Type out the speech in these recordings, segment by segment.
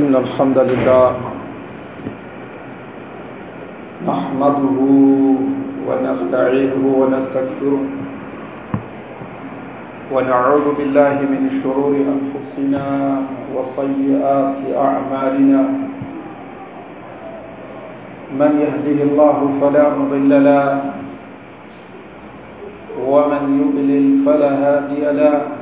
إن الحمد لله نحمده ونستعينه ونستكثره ونعوذ بالله من شرور أنفسنا وسيئات أعمالنا من يهده الله فلا مضل له ومن يضلل فلا هادي له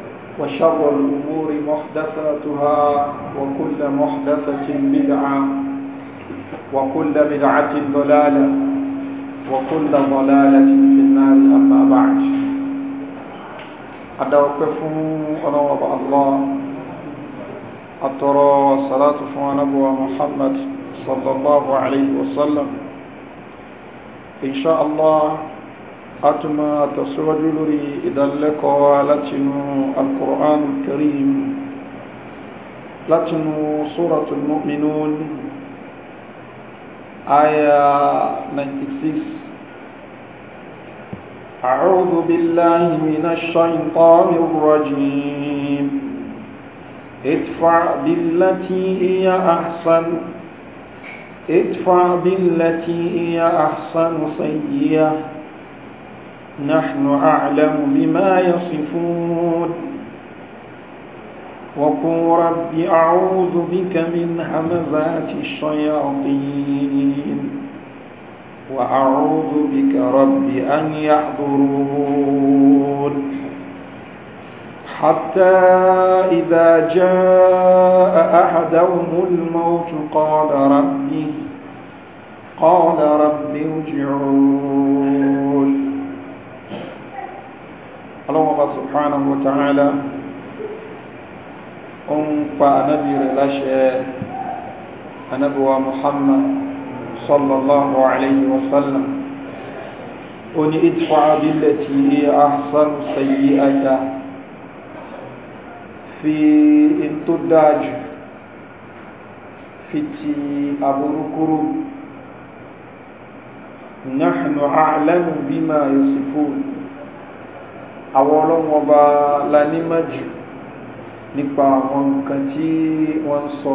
وشر الأمور محدثاتها وكل محدثة بدعة وكل بدعة ضلالة وكل ضلالة في النار أما بعد أنا ونوض الله أترى صلاة نبوة محمد صلى الله عليه وسلم إن شاء الله أتما تسوجل لي إذا لك ولتن القرآن الكريم لتنو سورة المؤمنون آية 96 أعوذ بالله من الشيطان الرجيم ادفع بالتي هي أحسن ادفع بالتي هي أحسن سيئة نحن أعلم بما يصفون وقل رب أعوذ بك من همزات الشياطين وأعوذ بك رب أن يحضرون حتى إذا جاء أحدهم الموت قال ربي قال ربي ارجعون ọlọ́wọ́n bá subhanahu wa ta'ala ó ń pa anábì rẹ̀ láṣẹ anábìwa muhammad sallallahu alayhi wa sallam ó ní idfa billati hiya ahsanu sayyi'ata fi in tó dájú fi ti aburukuru nahnu a'lamu bima yasifun àwọn ọlọ́run ọba lanímọ̀jù nípa àwọn nǹkan tí wọ́n ń sọ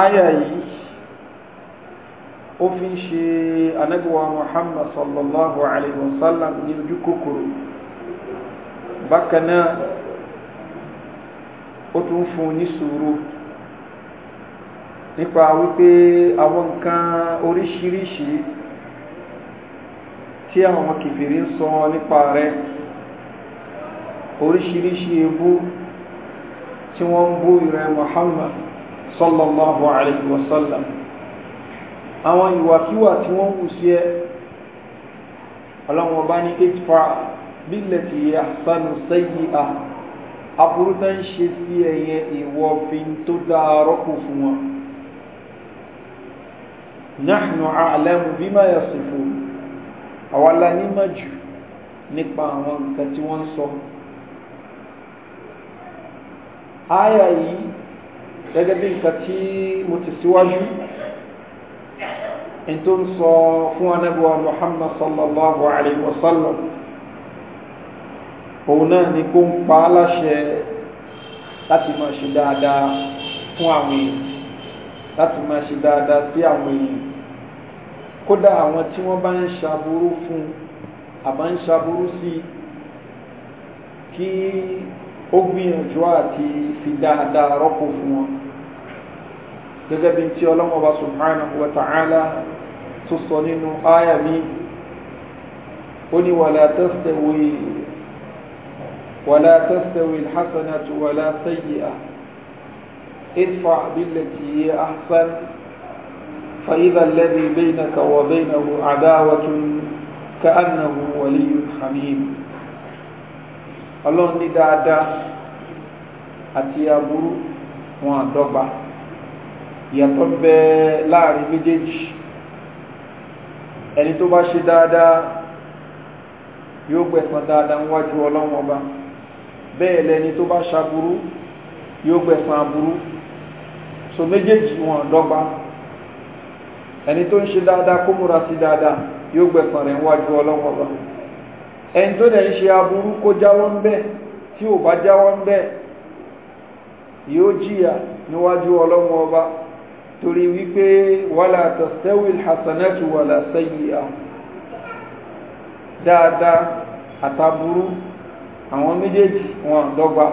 áyà yìí ó fi ń ṣe anábíwá muhammad sallallahu alayhi wa sallam ní ojú kòkòrò bákan náà ó tún fún ní sùúrù nípa wípé àwọn nǹkan oríṣiríṣi tí àwọn kìfìrí ń sọ nípa rẹ oríṣiríṣi ebú tí wọ́n ń bú ìrẹ muhammad sallallahu alayhi wa sallam àwọn ìwàkíwà tí wọ́n wù sí ẹ ọlọ́wọ́n bá ní ìtfà bílẹ̀ tí yẹ sánú sẹ́yí à aburú ń ṣe sí ẹ̀yẹ ìwọ̀fin tó dáa rọ́pò fún wọn náà nù bí máa yẹ sí fún un àwa la nímọ̀ jù nípa àwọn nǹkan tí wọ́n ń sọ àyà yìí gẹ́gẹ́ bí nǹkan tí mo ti síwájú in tó ń sọ fún anábíwá muhammad sallallahu alayhi wa sallam òun náà ni kó ń pa á láti máa ṣe dáadáa fún àwọn èèyàn láti máa ṣe dáadáa sí àwọn èèyàn kódà àwọn tí wọ́n bá ń ṣàbúrú fún àbá ń ṣàbúrú sí kí ó gbìyànjú àti fi dáadáa rọ́pò fún wọn gẹ́gẹ́ bí tí ọlọ́mọba subhanahu wa ta'ala tó sọ nínú áyà mi ó ní wàlá tẹ́sítẹ̀wé ولا تستوي الحسنة ولا سيئة ادفع بالتي هي أحسن فإذا الذي بينك وبينه عداوة كأنه ولي حميم ọlọ́run ní dáadáa àti aburú wọn àdọ́gba ìyàtọ̀ bẹ láàrin méjèèjì ẹni tó bá ṣe dáadáa yóò gbẹ̀san dáadáa níwájú ọlọ́run ọba bẹ́ẹ̀ lẹni tó bá ṣaburú yóò gbẹ̀san aburú so méjèèjì wọn àdọ́gba ẹni tó ń ṣe dáadáa kó múra sí dáadáa yóò gbẹ̀sán rẹ̀ níwájú ọlọ́wọ́ lọ ẹni tó dẹ̀ ń ṣe aburú kó jáwọ́ ń bẹ́ẹ̀ tí ò bá jáwọ́ ń bẹ́ẹ̀ yóò jìyà níwájú ọlọ́wọ́ ọba torí wípé wàlá tastawil hasanatu wàlá sayyi'a dáadáa àtàbúrú àwọn méjèèjì wọn dọ́gba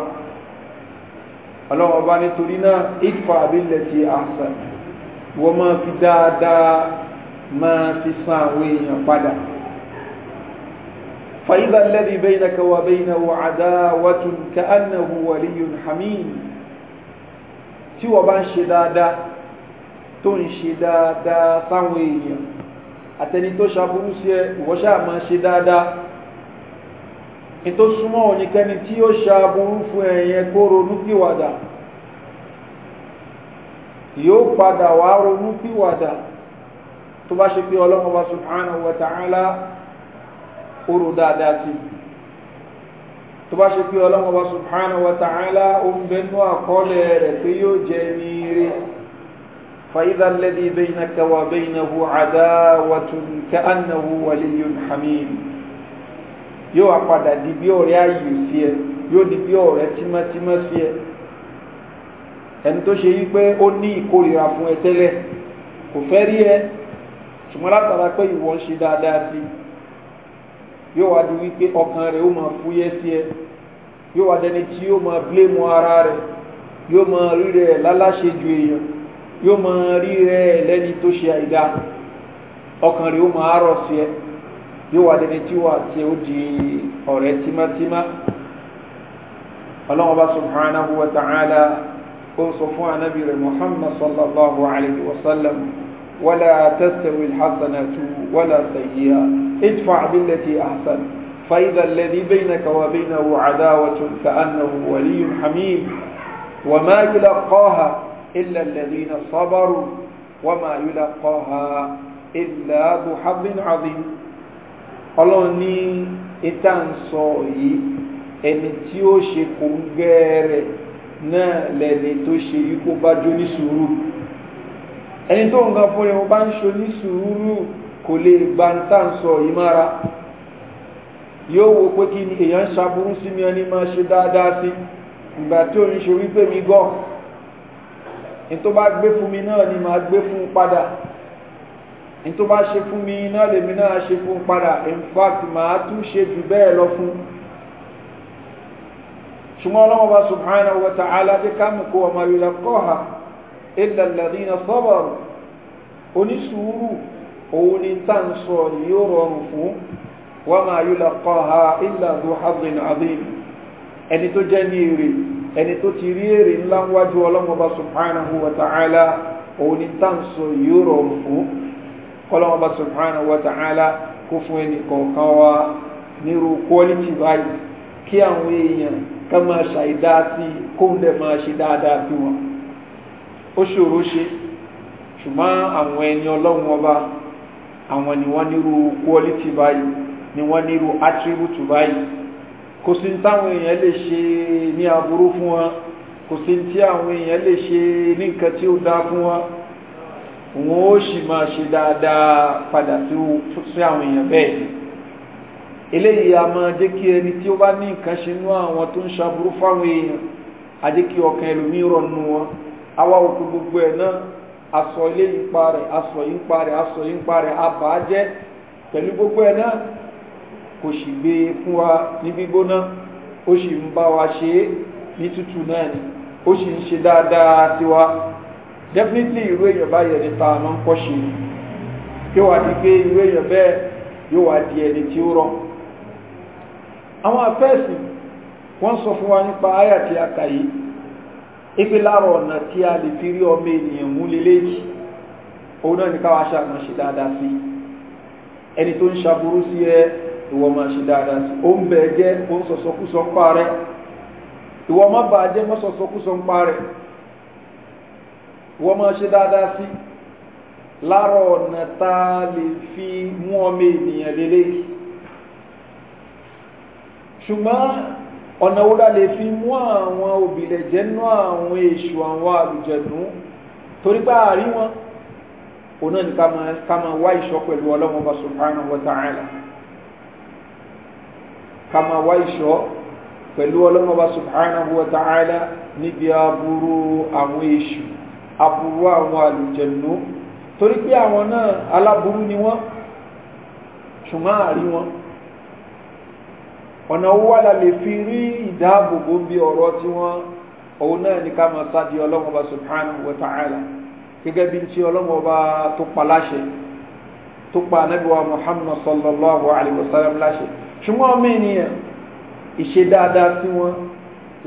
ọlọ́wọ́ ọba nítorí náà idfa billati ahsan wọ́n máa fi dáadáa máa fi san àwọn èèyàn padà فإذا الذي بينك وبينه عداوة كأنه ولي حميم tí wọ́n bá ń ṣe dáadáa tó ń ṣe dáadáa sáwọn èèyàn àtẹni tó ṣàbúrú sí ẹ ìwọ́n ṣáà máa ṣe dáadáa ní súnmọ́ òníkẹ́ni tí ó ṣàbúrú fún ẹ̀yẹn kó ronú yóò padà wá ronú pìwàdà tó bá ṣe pé ọlọ́run wa subhanahu wa ta'ala ó ro dáadáa sí i tó bá ṣe pé ọlọ́run wa subhanahu wa ta'ala bẹnu àkọọ́lẹ̀ rẹ̀ pé yóò jẹ ní ire فإذا الذي ẹni tó ṣe yí pé ó ní ìkórira fún ẹ tẹ́lẹ̀ kò fẹ́ rí ẹ ṣùgbọ́n látara pé ìwọ ń ṣe dáadáa sí yóò wá di wípé ọkàn rẹ̀ ó máa fúyẹ́ sí ẹ yóò wá dẹni tí yóò máa ara rẹ̀ yóò máa rí rẹ̀ láláṣẹ ju èèyàn yóò máa rí rẹ̀ lẹ́ni tó ṣe àìdá ọkàn rẹ̀ ó máa rọ̀ sí ẹ yóò wá dẹni tí wà tí ó di ọ̀rẹ́ tímátímá ọlọ́run subhanahu wa ta'ala. ó sọ fún anábì rẹ̀ muhammad sallallahu alayhi wa sallam wàlá tẹ́sẹ̀wìl hasanatu wàlá sayyi'a idfa billati ahsan فإذا الذي بينك وبينه عداوة كأنه ولي حميم وما يلقاها إلا الذين صبروا وما يلقاها إلا ذو حظ عظيم ọlọ́run ní ìtànsọ yìí ẹni tí ó ṣe kò ń gẹ́ẹ̀rẹ̀ náà lẹ́ni tó ṣe ikú bá jó ní sùúrù ẹni tó ń gan fún ẹ̀wọ̀n bá ń ṣo ní sùúrù kò lè gba ń tà ń sọ yìí mára yóò wo pé kí ni èèyàn ń ṣaburú sí mi ẹni máa ṣe dáadáa sí ìgbà tí ò ń ṣe wípé mi gan ní tó bá gbé fún mi náà ni màá gbé fún un padà ní tó bá ṣe fún mi náà lèmi náà ṣe fún un padà in fact màá tún ṣe jù bẹ́ẹ̀ lọ fún un ṣùgbọ́n ọlọ́wọ́ bá subhanahu wa ta'ala bí ká mú kó ọmọ ìlà kọ́ha illa alladhina sabaru onísùúrù òun ni tá ń sọ yóò rọrùn fún wa ma yulaqaha illa dhu hadin adhim ẹni tó jẹ́ ní èrè ẹni tó ti rí èrè ńlá wájú wa ta'ala òun ni tá ń sọ yóò rọrùn fún wa ta'ala kó fún ẹnì kọ̀ọ̀kan wa nírú kọ́lítì báyìí ká máa ṣàìdá tí kóun dẹ̀ máa ṣe dáadáa sí wọn ó ṣòro ṣe ṣùgbọ́n àwọn ẹni ọlọ́run ọba àwọn ni wọ́n nírú quality báyìí ni wọ́n nírú attribute báyìí kò sí ní táwọn èèyàn lè ṣe ní aburú fún wọn kò sí tí àwọn èèyàn lè ṣe ní nǹkan tí ó dá fún wọn wọn ó sì máa ṣe dáadáa padà sí àwọn èèyàn bẹ́ẹ̀ ni eléyìí a máa jẹ́ kí ẹni tí ó bá ní nǹkan ṣe nú àwọn tó ń ṣaburú fáwọn èèyàn a jẹ́ kí ọkàn ẹlòmíì rọ̀ wọn àwa òkú gbogbo ẹ̀ náà aṣọ eléyìí ń rẹ̀ aṣọ yìí ń pa rẹ̀ yìí gbogbo ẹ̀ náà kò sì gbé e fún wa ní gbígbóná ó sì ń bá wa ṣe é ní tútù náà ni ó sì ń ṣe dáadáa sí wa definitely irú èèyàn báyẹn ni ta máa ń kọ́ ṣe yóò wá àwọn afẹ́ẹ̀sì wọ́n sọ fún wa nípa àyà tí a kà yìí ipe lára ọ̀nà tí a lè fi rí ọmọ ènìyàn mú leléyìí òun náà ní káwa ṣàmọ̀ ṣe dáadáa sí ẹni tó ń ṣaburú sí ẹ ìwọ máa ṣe dáadáa sí ó ń bẹ jẹ ó ń sọsọkúsọ ń pa rẹ ìwọ má bà jẹ má sọsọkúsọ ń pa rẹ ìwọ máa ṣe dáadáa sí lára ọ̀nà tá a lè fi mú ọmọ ènìyàn leléyìí ṣùgbọ́n ọ̀nà wúrà lè fi mú àwọn òbílẹ̀ jẹ́nú àwọn èṣù àwọn àlùjẹ̀nú torí pé àárín wọn òun náà ni ká máa wá ìṣọ́ pẹ̀lú ọlọ́run ọba subhanahu wa ta'ala ká máa wá ìṣọ́ pẹ̀lú ọlọ́run ọba subhanahu wa ta'ala níbi aburú àwọn èṣù aburú àwọn àlùjẹ̀nú torí pé àwọn náà aláburú ni wọ́n ṣùgbọ́n àárín wọn ọ̀nà owó wà lálẹ́ fi rí ìdáàbòbò bí ọ̀rọ̀ tí wọ́n òun náà ní ká máa sáàdì ọlọ́run ọba subhanahu wa ta'ala gẹ́gẹ́ bí tí ọlọ́run ọba tó pa láṣẹ tó pa anábíwá muhammad sallallahu alayhi wa sallam láṣẹ ṣùgbọ́n ọmọ ènìyàn ìṣe dáadáa sí wọn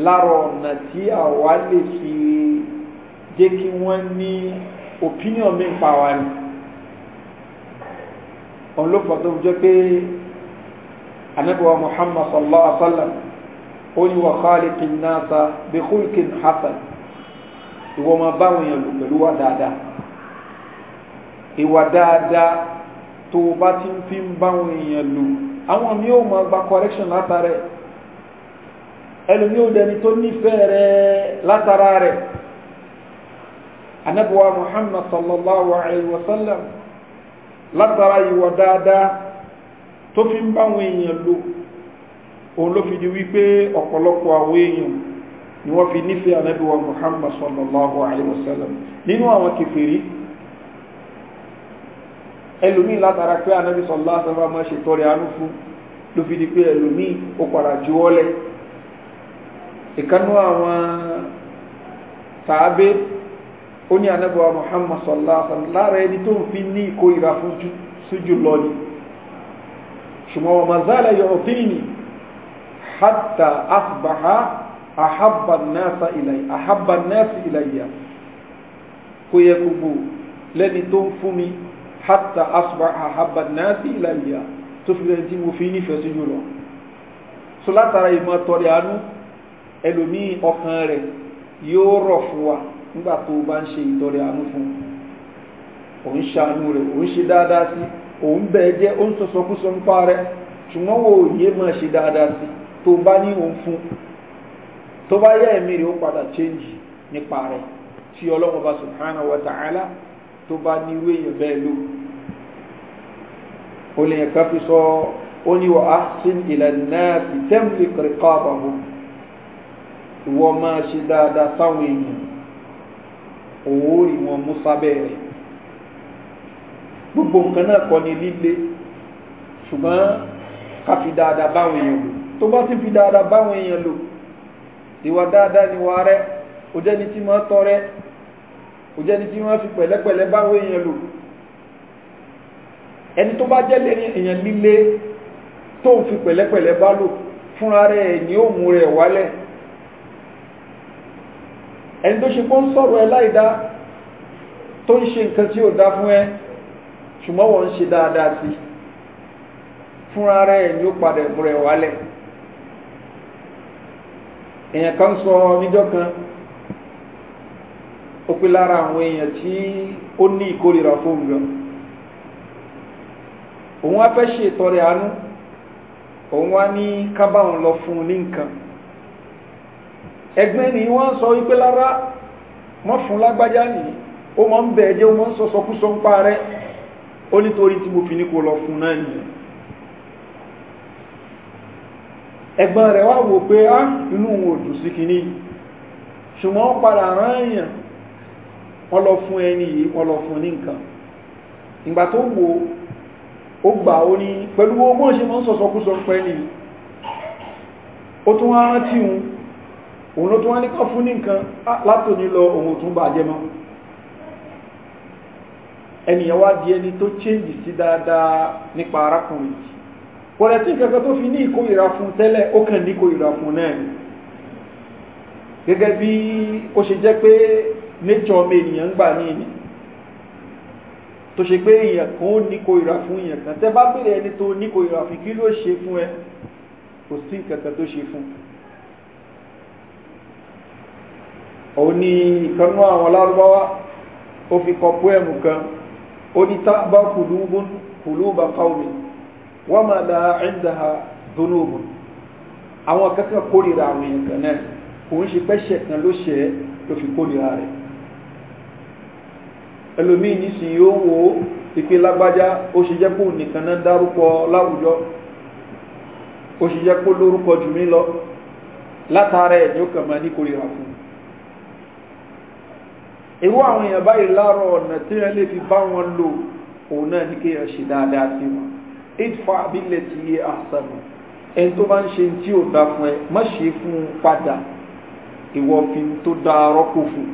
lára ọ̀nà tí àwa lè fi jẹ́ kí wọ́n ní opinion mi pa wa ni òun ló fọ́ tó jẹ́ pé anabiwa muhammad sallallahu alaihi wa sallam ó ní wa khaliqi nasa bi khulqin hasan ìwọ máa báwọn èèyàn lò pẹ̀lú wa dáadáa ìwà dáadáa tó o bá ti ń fi ń báwọn èèyàn lò mi ò máa gba correction látara ẹ̀ ẹlòmí ò dẹni tó nífẹ̀ẹ́ rẹ̀ látara rẹ̀ anabiwa muhammad sallallahu alaihi wa sallam látara ìwà tó fi ń báwọn èèyàn lò òun ló fi di wípé ọ̀pọ̀lọpọ̀ àwọn èèyàn ni wọ́n fi nífẹ̀ẹ́ anábíwa muhammad sallallahu alayhi wa sallam nínú àwọn kẹfìrí ẹlòmí látara pé anábí sallallahu alayhi wa sallam máa ṣètọrẹ àánú fún ló fi di pé ẹlòmí ó padà muhammad sallallahu alayhi wa sallam lára ẹni tó ṣùgbọ́n wa mazala yu'tini hatta asbaha ahabba an-nasa ilayya ahabba an-nasi ilayya kò yẹ gbogbo lẹ́ni tó ń fún mi hatta asbaha ahabba an-nasi ilayya tó fi lẹ́ni tí mo fi nífẹ̀ẹ́ sí jùlọ so látara ìmọ̀ tọrẹ àánú ẹlòmíì ọkàn rẹ̀ yóò rọ̀ fún wa nígbà tó o bá ń ṣe ìtọrẹ àánú fún òun ṣàánú rẹ̀ òun ṣe dáadáa sí i òun bẹ́ẹ̀ jẹ́ ó ń sọsọkúsọ ń pa rẹ̀ ṣùgbọ́n wo yé máa ṣe dáadáa sí tó bá ní òun fún tó bá yẹ ẹ̀mí rẹ̀ ó padà chéǹjì nípa rẹ̀ tí ọlọ́run bá subhanahu wa ta'ala tó bá ní irú èèyàn bẹ́ẹ̀ lè sọ ó ní wa ahsin ila nnaasi tamlik riqabahum ìwọ máa ṣe dáadáa sáwọn èèyàn òwò wọn mú sábẹ́ gbogbo nǹkan náà kọ́ ni líle ṣùgbọ́n ká fi dáadáa báwọn èèyàn lò tó bá ti fi dáadáa báwọn èèyàn lò ìwà dáadáa ni wà rẹ ó jẹ́ni tí máa tọrẹ ó jẹ́ni tí máa fi pẹ̀lẹ́pẹ̀lẹ́ báwọn èèyàn lò ẹni tó bá jẹ́ èèyàn líle tó ń fi pẹ̀lẹ́pẹ̀lẹ́ bá lò fúnra rẹ̀ ni ó mú rẹ̀ wálẹ̀ ẹni tó ṣe kó ń sọ̀rọ̀ ẹ láìdá tó ń ṣe nǹkan tí ó dá fún ẹ ṣùgbọ́n wọ́n ń ṣe dáadáa sí fúnra rẹ̀ ni ó padà ẹ̀bùn rẹ̀ wálẹ̀ èèyàn kan sọ níjọ́ kan ó pé lára àwọn èèyàn tí ó ní ìkórira fóun gan òun á fẹ́ ṣe ìtọrẹ àánú òun wá ní kábàáhùn lọ fún un ní nǹkan ẹgbẹ́ wọ́n sọ ó nítorí tí mo fi ní kó lọ fún náà nìyẹn rẹ̀ wá wò pé á ah, inú òun ò dùn sí ṣùgbọ́n padà ráyàn wọ́n lọ fún ẹni yìí wọ́n lọ fún ní nǹkan ìgbà tó wò ó gbà ó ní pẹ̀lú gbogbo ṣe ah, mọ́ ẹnìyẹn wá di ẹni tó change sí dáadáa nípa arákùnrin yìí wọ́n ti kankan tó fi ní ìkórìíra fún tẹ́lẹ̀ ó kàn ní ìkórìíra fún náà ni gẹ́gẹ́ bí ó ṣe jẹ́ pé nature ọmọ ènìyàn ń gbà ní ìní tó ṣe pé èèyàn kan ó ní ìkórìíra fún èèyàn kan tẹ́ bá bèrè ẹni tó ní ìkórìíra fún kí ló ṣe fún ẹ kò sí kankan tó ṣe fún òun ni ìkànnú àwọn lárúbáwá ó fi kọ póẹ̀mù kan onítàbá kùlúbùn kùlúbà káwùmí wọ́n máa da ẹ̀ńdàá dúnúbùn àwọn kankan kórìíra àwọn èèyàn kan náà òun ṣe pẹ́ṣẹ̀ kan ló ṣe é ló fi kórìíra rẹ̀ ẹlòmíì nísìnyí ó wo ìpè lágbájá ó ṣe jẹ́ kó nìkan náà dárúkọ láwùjọ ó ṣe jẹ́ kó lórúkọ jù mí lọ látara ẹ̀ ni ó kàn máa ní kórìíra fún irú àwọn èèyàn báyìí láàárọ̀ ọ̀nà tí wọ́n lè fi bá wọn lò òun náà ní kéèyàn ṣe dáadáa sí wọn idfa abilẹ̀ ti yé àṣàmù ẹni tó bá ń ṣe tí ò dá fún ẹ má ṣe fún un padà ìwọ fi tó dá rọ́pò fún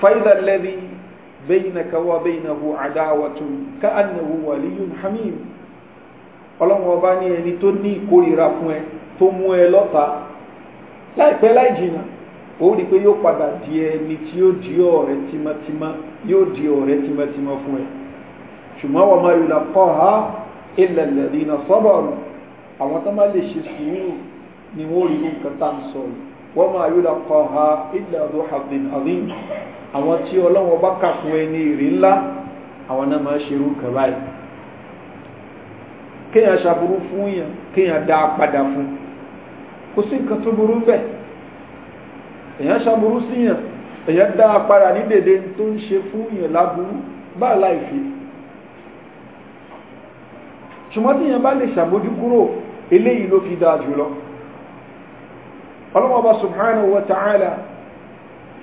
fàyídà lẹ́bi bẹ́yìn kawa bẹ́yìn ahu àdáwàtún ká ànàwó wàlíyùn hamim ọlọ́run ọba ní ẹni tó ní ìkórìíra fún ẹ tó mú ẹ lọ́ta láìpẹ́ láì jìnnà ó rí i pé yóò padà di ẹni tí yóò di ọ̀rẹ́ tímọ́tímọ́ yóò di ọ̀rẹ́ tímọ́tímọ́ fún ẹ ṣùgbọ́n wọn máa yòlá kọ́ ha ilẹ̀ lẹ́rìí náà sọ́bọ̀rù àwọn tó máa lè ṣe sùúrù ni wọ́n rí i nǹkan tá à ń sọ yìí wọ́n máa yòlá kọ́ ha ilẹ̀ ọdún abdul azim àwọn tí ọlọ́wọ́n bá kà fún ẹni ìrì ńlá àwọn náà máa ṣerú nǹkan báyìí kéèyàn ṣàbùrú fún yàn kéèyàn dá a padà fún kò sí nǹkan tó burú bẹ́ẹ̀ èyàn ṣàbúrú sí yàn èyàn dá apára ní dèdè tó ń ṣe fún yàn láburú bá láìfi ṣùgbọ́n tí yàn bá lè ṣàbójú kúrò eléyìí ló fi dáa jùlọ ọlọ́mọba subhanahu wa ta'ala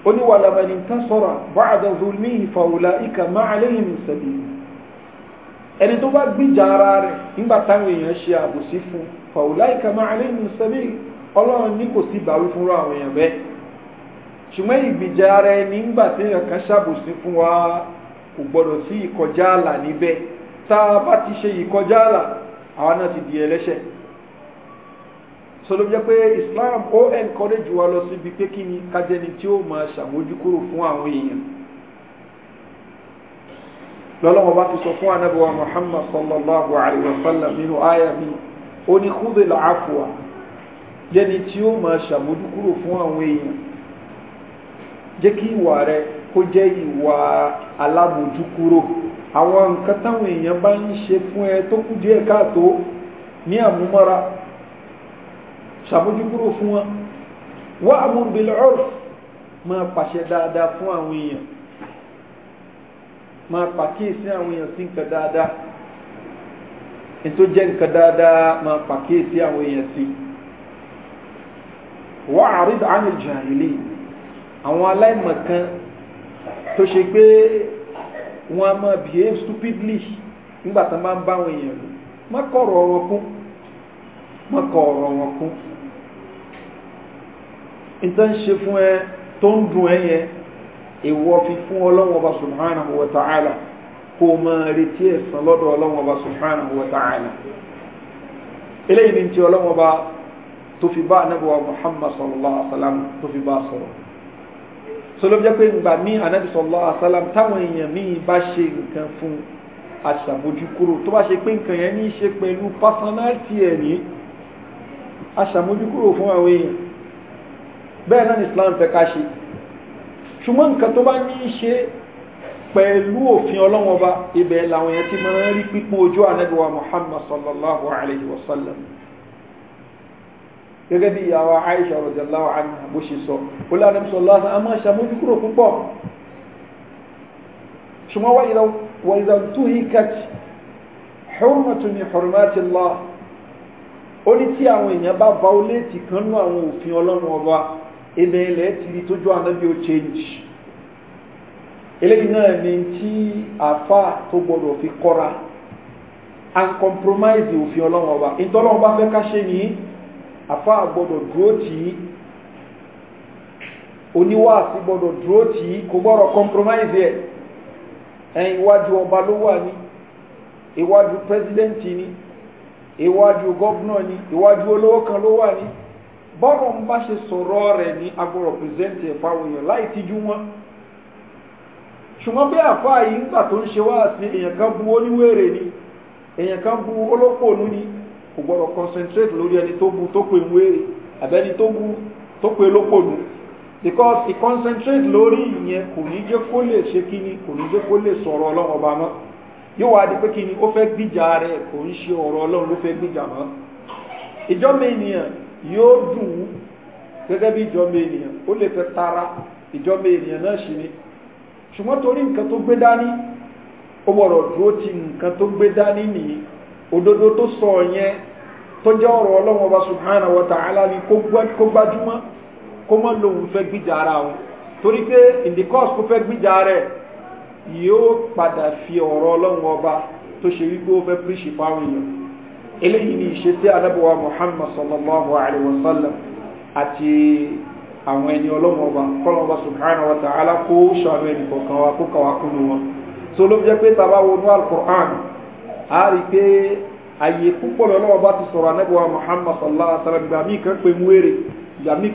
oni wa laman intasara ba'da zulmihi fa ulaika ma alayhim min sabil ẹni tó bá gbìjà ara rẹ̀ nígbà táwọn èèyàn ṣe àbòsí fún fa ulaika ma alayhim min ọlọ́run ní kò sí bàwí fúnra àwọn èèyàn bẹ́ẹ̀ ṣùgbọ́n ìgbìjà ara ẹni ńgbà tí èèyàn kan ṣàbòsí fún wa kò gbọ́dọ̀ sí ìkọjá àlà níbẹ̀ tá a bá ti ṣe ìkọjá àlà àwa náà ti di ẹlẹ́ṣẹ̀ sọlọ pé Islam ó encourage wa lọ síbi pé kí ni kájẹni tí ó máa ṣàmójúkúrò fún àwọn èèyàn lọ́lọ́wọ́ bá ti sọ fún anábíwá Muhammad sallallahu alayhi wa sallam nínú àyà mi ó ní khudhil afwa jẹ́ni tí ó máa ṣàmójúkúrò fún àwọn èèyàn jẹ́ kí ìwà rẹ kó jẹ́ ìwà alábòjúkúrò àwọn nǹkan táwọn èèyàn bá ń ṣe fún ẹ tó kú díẹ̀ káàtó ní àmúmọ́ra ṣàbójúkúrò fún wọn wá àmúbilẹ̀ ọ̀rọ̀ máa pàṣẹ dáadáa fún àwọn èèyàn máa pàkíyèsí àwọn èèyàn sí nǹkan dáadáa jẹ́ nǹkan dáadáa máa pàkíyèsí àwọn èèyàn sí wá àwọn aláìmọ̀kan tó ṣe pé wọ́n a máa behave stupidly nígbà tán bá ń bá àwọn èèyàn lò má wọn kún má wọn kún nǹkan ṣe fún ẹ tó ń dùn ẹ yẹn fi fún ta'ala kó o retí ẹ̀sán lọ́dọ̀ fi bá anábọ̀wá muhammad sallallahu alaihi sọlọ́bí jẹ́ pé ìgbà mí ànábì sallallahu alaihi wasallam táwọn èèyàn míì bá ṣe nǹkan fún aṣàmójúkúrò tó bá ṣe pé nǹkan yẹn ní í ṣe pẹ̀lú pásánálítì ẹ̀ ní aṣàmójúkúrò fún àwọn èèyàn bẹ́ẹ̀ náà ní Islam fẹ́ ká ṣe ṣùgbọ́n nǹkan tó bá ní í ṣe pẹ̀lú òfin ọlọ́wọ́n ibẹ̀ làwọn yẹn ti máa ń rí pípọ́n ojú ànábì Muhammad sallallahu alaihi wasallam gẹ́gẹ́ bí ìyàwó Aisha radiyallahu anha bó ṣe sọ ó lára ní sọlá a máa ṣàmójú kúrò púpọ̀ ṣùgbọ́n wá ìlà wà ìlà tó yí kàtì hurmatun min hurmatillah ó ní tí àwọn èèyàn bá bá ó léètì kan nú àwọn òfin ọlọ́run ọba ibẹ̀ ilẹ̀ ti di tójú ànábì ó change eléyìí náà ni tí àfa tó gbọdọ̀ fi kọ́ra and compromise òfin ọlọ́run ọba ìtọ́lọ́run bá fẹ́ ká ṣe nìyí àfa gbọ́dọ̀ dúró tì í oníwàásí gbọ́dọ̀ dúró tì í kò gbọ́dọ̀ compromise yẹ ẹ̀yìn iwájú ọba ló wà ní iwájú pẹ́sidẹ́ǹtì ní iwájú ní iwájú olówó kan ló wà ní bọ́rọ̀ ń bá ṣe sọ̀rọ̀ rẹ̀ ní agbọ̀rọ̀ pẹ́sidẹ́ǹtì ẹ̀fà wòyàn láì wọn ṣùgbọ́n bí àfáà yìí ń gbà tó ń ṣe wá sí èèyàn kan bu oníwèrè ni kò gbọ́dọ̀ concentrate lórí ẹni tó bu tó pe ń wéèrè àbẹ́ni tó bu tó pe lópònú because he concentrate lórí ìyẹn kò ní jẹ́ kó lè ṣe kíni kò ní jẹ́ kó lè sọ̀rọ̀ ọlọ́run ọba mọ́ yóò wá di pé kíni ó fẹ́ gbìjà rẹ̀ kò ń ṣe ọ̀rọ̀ ọlọ́run ló fẹ́ gbìjà mọ́ ìjọba ènìyàn yóò dùn ún gẹ́gẹ́ bí ìjọba ènìyàn ó lè fẹ́ tara ìjọba ènìyàn náà ṣe ni ṣùgbọ́n torí nǹkan tó gbé dání ó gbọ́dọ̀ dúró ti nǹkan tó gbé dání nìyí òdodo tó sọ yẹn tó jẹ́ ọ̀rọ̀ ọlọ́wọ́n ọba subhanahu wa ta'ala ni kó gbájúmọ́ kó mọ́ lòun fẹ́ gbìjà ara wọn torí pé in the course kó fẹ́ gbìjà rẹ̀ yóò padà fi ọ̀rọ̀ ọlọ́wọ́n ọba tó ṣe wípé ó fẹ́ píríṣì fáwọn èèyàn eléyìí ni ìṣe sí adábọ̀wá muhammad sallallahu alayhi wa sallam àti àwọn ẹni ọlọ́wọ́n ọba kọ́lọ́wọ́n ọba subhanahu wa kó ṣàwọn ẹnì kọ̀ọ̀kan wa kó kàwá kúnnú wọn so ló fi jẹ́ pé tàbá wọnú alukur'an a rí i pé àyè púpọ̀ lọ́nà ọba ti sọ̀rọ̀ muhammad wa sallam ìgbà míì kan pé muwèrè ìgbà míì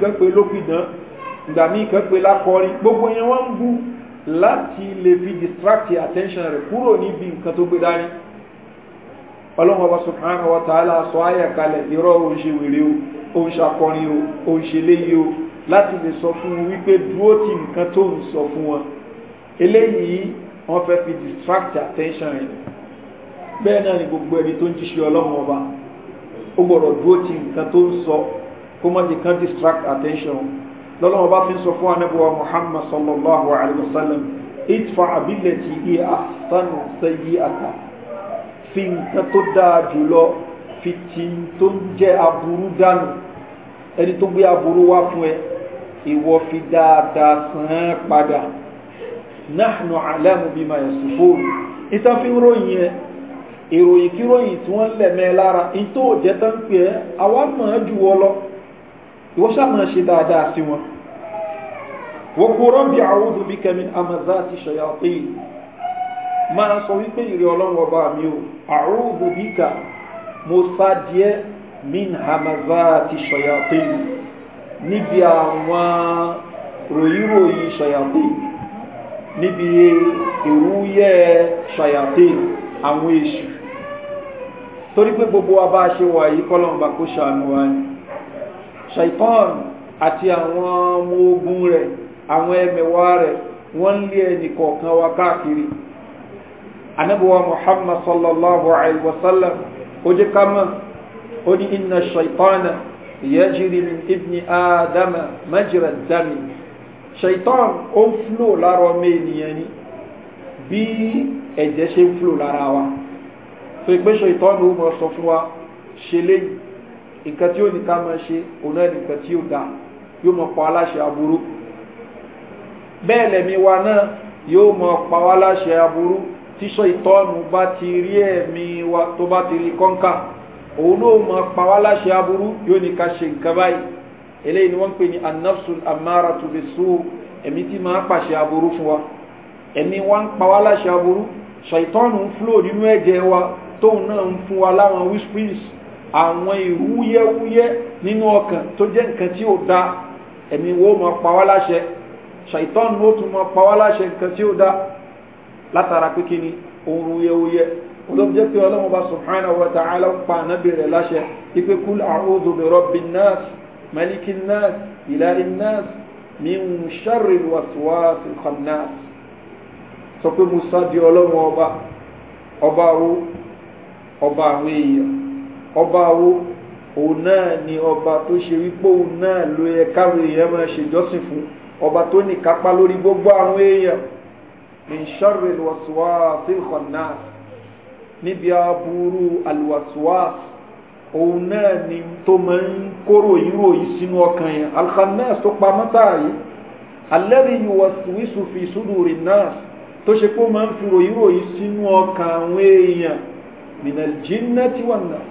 kan pé gbogbo yẹn wọ́n ń bú láti lè fi distract attention rẹ̀ kúrò níbi nǹkan tó gbé dání ọlọ́run ọba wa sọ ayà kalẹ̀ irọ́ òun ṣe wèrè o òun o òun ṣe o láti lè sọ fún un wípé dúró ti sọ fún wọn eléyìí bẹ́ẹ̀ náà ni gbogbo ẹni tó ń jíṣẹ́ ọlọ́run ọba ó gbọ́dọ̀ dúró ti nǹkan tó ń sọ kó má ti kan distract attention lọ́lọ́run ọba fi ń sọ fún anábọ̀wá muhammad sallallahu alayhi wa sallam idfa abilẹ̀tì iye asanu sẹ́yí ata fi nǹkan tó dáa jùlọ fi ti tó ń jẹ́ aburú dànù ẹni tó gbé aburú wá fún ẹ ìwọ fi dáadáa sàn án padà nahnu alamu bima yasufun ìtàn fi ń ròyìn ẹ ìròyìn kíròyìn tí wọ́n lẹ̀mẹ́ lára in tó jẹ́ tán pé ẹ́ àwa mọ̀ ẹ́ jù wọ́ lọ ìwọ́n sàmọ̀ ṣe dáadáa sí wọn wọ́n kó rọ́bì àwùjọ bí kẹ́mi amazá ti ṣọ̀yà pé máa sọ wípé ìrẹ́ ọlọ́run ọba mi o àwùjọ bí kà mo sá díẹ̀ min amazá ti ṣọ̀yà pé níbi àwọn ròyìnròyìn ṣọ̀yà pé níbi èrúyẹ́ ṣọ̀yà pé àwọn èṣù torí pé gbogbo wa bá ṣe wà yìí kọ́lọ́mbà kó ṣàánú wa ni ṣàìtàn àti àwọn ọmọ ogun rẹ̀ àwọn ẹmẹ̀wà rẹ̀ wọ́n ń lé ẹnì kọ̀ọ̀kan wa káàkiri anábíwá muhammad sallallahu alaihi wasallam ó jẹ́ ká mọ̀ ó ní iná ṣàìtànà yẹ́jìrì ibni adama májìrà dami ṣàìtàn ó ń fúlò lára ọmọ ènìyàn ni bí ẹ̀jẹ̀ ṣe ń fúlò lára wa so ìgbésẹ̀ ìtọ́nù ó mọ̀ sọ fún wa ṣe léyìn nǹkan tí ó ní ká máa ṣe òun náà nìkan tí ó dá yóò mọ̀ pa aláṣẹ aburú bẹ́ẹ̀ lẹ̀mí wa náà yóò mọ̀ pa wá láṣẹ aburú tíṣọ ìtọ́nù bá ti rí ẹ̀mí wa tó bá ti rí kọ́ńkà òun náà mọ̀ pa wá aburú yóò ní ká ṣe nǹkan báyìí eléyìí ni wọ́n ń pè ní anafsul amara to be so ẹ̀mí tí máa pàṣẹ aburú fún wa ẹ̀mí wa ń pa wá aburú ṣàìtọ́nù ń fló nínú ẹ̀jẹ̀ wa tóun náà ń fún wa láwọn whisperings àwọn ìwúyẹ́wúyẹ́ nínú ọkàn tó jẹ́ nǹkan tí ó da ẹ̀mí wo mọ̀ pa wá láṣẹ ṣàìtọ́n ló tún mọ̀ pa wá láṣẹ nǹkan tí ó da látara pé kí ni òun wúyẹ́wúyẹ́ olóòtú jẹ́ pé ọlọ́run bá subhanahu wa ta'ala ń pa ànábì rẹ̀ láṣẹ ipe kúl a'udhu bi rabbin nas malikin nas ilahin nas min sharril waswasil khannas sọ pé musa di ọlọ́run ọba ọba wo ọba àwọn èèyàn ọba owó òun náà ni ọba tó ṣe wípé òun náà ló yẹ káwọn èèyàn máa ṣèjọ́sìn fún ọba tó ní kápá lórí gbogbo àwọn èèyàn ìṣọ́rẹ̀ lọ́sùwà sílùkọ̀ náà níbi aburú alùwàsùwà òun náà ni tó máa ń kóró ìró yìí sínú ọkàn yẹn alhannas tó pa mọ́tà yìí alẹ́rìí yìí wàsùwìsù fi sùdùrì náà tó ṣe pé ó máa ń fi ròyìnròyìn sínú ọkàn àwọn èèyàn minal jinnati wan nas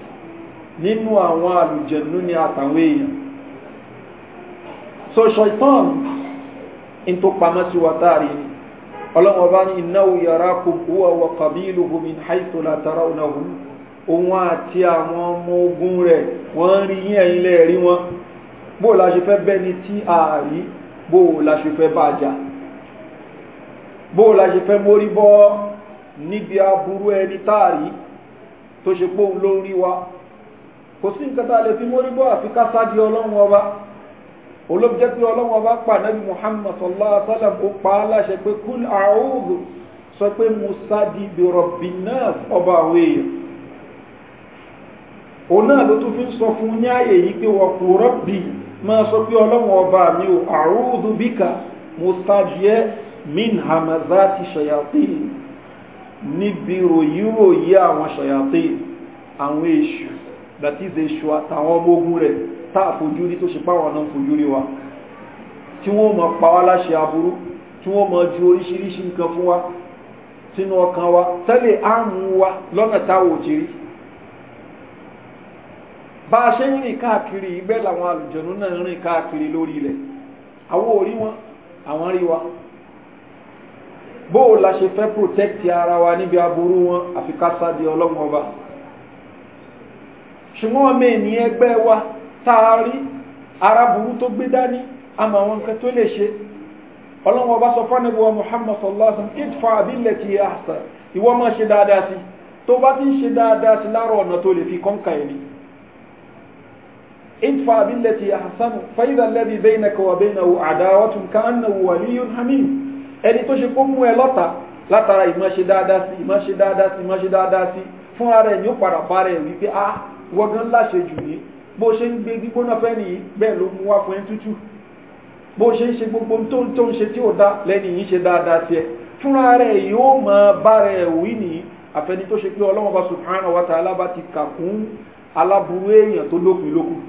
nínú àwọn àlùjẹ̀nú ni àtàwọn èèyàn so ṣaitan in tó pamọ́ sí wa táàrí ni ọlọ́run ọba ní ináwó yàrá kòkó ọwọ́ kàbílù omi àìsàn látara ọ̀nà òun òun àti àwọn ọmọ ogun rẹ̀ wọ́n rí yín ẹ̀yìn lẹ́ẹ̀rí wọn bó la ṣe fẹ́ bẹ́ni tí ààrí bó la ṣe fẹ́ bàjá bó la ṣe fẹ́ mórí bọ́ níbi aburú ẹni táàrí tó ṣe pé òun ló ń rí wa kò sí nǹkan tá a lè fi mórí bọ́ àfi ká sáájú ọlọ́run ọba olóbìjẹ́ pé ọlọ́run ọba pa nábì muhammad sallallahu alaihi wa sallam ó pa á láṣẹ pé kúl àrùn sọ pé musa di bèrọ̀bì náà ọba àwọn èèyàn òun náà ló tún fi ń sọ fún ní ààyè yìí pé wọ́n kú rọ́bì máa sọ pé ọlọ́run ọba mi ò àrùn bíkà musa jẹ́ min hamazati shayatin níbi ròyíròyí àwọn ṣọ̀yàtí àwọn èṣù that is èṣù àtàwọn ọmọ ogun rẹ̀ táà fojú rí tó ṣe páwọn náà fojú rí wa tí wọ́n mọ̀ pàwá láṣẹ aburú tí wọ́n mọ̀ ju oríṣiríṣi nǹkan fún wa sínú ọkàn wa tẹ́lẹ̀ àmú wa lọ́nà táwọn ò ti rí bá a ṣe ń rìn káàkiri ìgbẹ́ làwọn àlùjọ̀nú náà ń rìn káàkiri lórí ilẹ̀ àwọn ò wọn àwọn rí wa bóò la ṣe fẹ́ protect ara wa níbi aburú wọn àfi kásá di ọlọ́run ọba ṣùgbọ́n ọmọ ènìyàn ẹgbẹ́ wa taari ara burú tó gbé dání àmọ́ àwọn nǹkan tó lè ṣe ọlọ́run ọba sọ fún ẹnìwọ̀n muhammad sallallahu alaihi wa sallam idfa abilẹ̀ ti àṣà ìwọ máa ṣe dáadáa sí tó bá ti ń ṣe dáadáa sí láàárọ̀ ọ̀nà tó lè fi kọ́ńkà ẹni idfa abilẹ̀ ti àṣà fayidà lẹ́bi bẹ́ẹ̀ nàkọ̀wà bẹ́ẹ̀ nàwó àdáwọ̀tún ká ẹni tó ṣe kó mú ẹ lọ́ta látara ìmọ̀ṣe dáadáa sí ìmọ̀ṣe dáadáa sí ìmọ̀ṣe dáadáa sí fún ara ẹ̀ ní ó padà bá rẹ̀ wípé ah wọ́gán láṣẹ jù ní bó ṣe ń gbé gbígbóná fẹ́ nìyí bẹ́ẹ̀ ló mú wá fún ẹ tútù bó ṣe ń ṣe gbogbo tó ń tó ń ṣe tí ò dá lẹ́ni yìí ṣe dáadáa sí ẹ fúnra rẹ̀ yóò mọ bá rẹ̀ wí nìyí àfẹni tó ṣe pé ọlọ́wọ́n bá subhanahu wa ta'ala bá ti kà kún aláburú èèyàn tó lópin lókun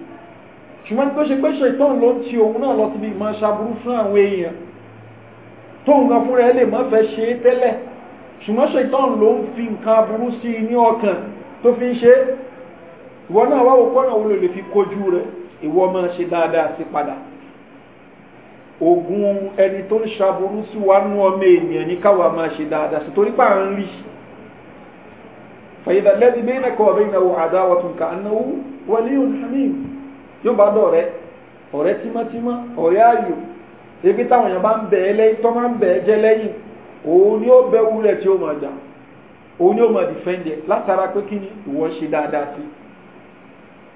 ṣùgbọ́n tó ṣe pé ṣètọ́n ló ń ti òun náà lọ síbi ìmọ̀ ṣaburú fún àwọn èèyàn tó nǹkan fúnra ẹ lè má fẹ́ ṣe é tẹ́lẹ̀ ṣùgbọ́n ṣètọ́n ló ń fi nǹkan aburú sí i ní ọkàn tó fi ń ṣe ìwọ náà wá òkú ọ̀nà wọlé lè fi kojú rẹ ìwọ máa ṣe dáadáa sí padà ogun ẹni tó ń ṣaburú sí wa nú ọmọ ènìyàn ní káwa máa ṣe dáadáa sí torí pàà ń rí fàyídà lẹ́dí bẹ́ẹ̀nà kọ́ ọ̀bẹ́ ìnáwó àdáwọ̀tún ká náwó wọlé òun yóò bá dọ̀rẹ́ ọ̀rẹ́ tímọ́tímọ́ ọ̀rẹ́ ayò ebi táwọn èèyàn bá ń bẹ̀ ẹ́ lẹ́yìn tó máa ń bẹ̀ ẹ́ jẹ́ lẹ́yìn òun ni ó bẹ́ wúlẹ̀ tí ó máa jà òun ni ó máa dìfẹ́ǹdẹ̀ látara pé kí ni ìwọ ṣe dáadáa sí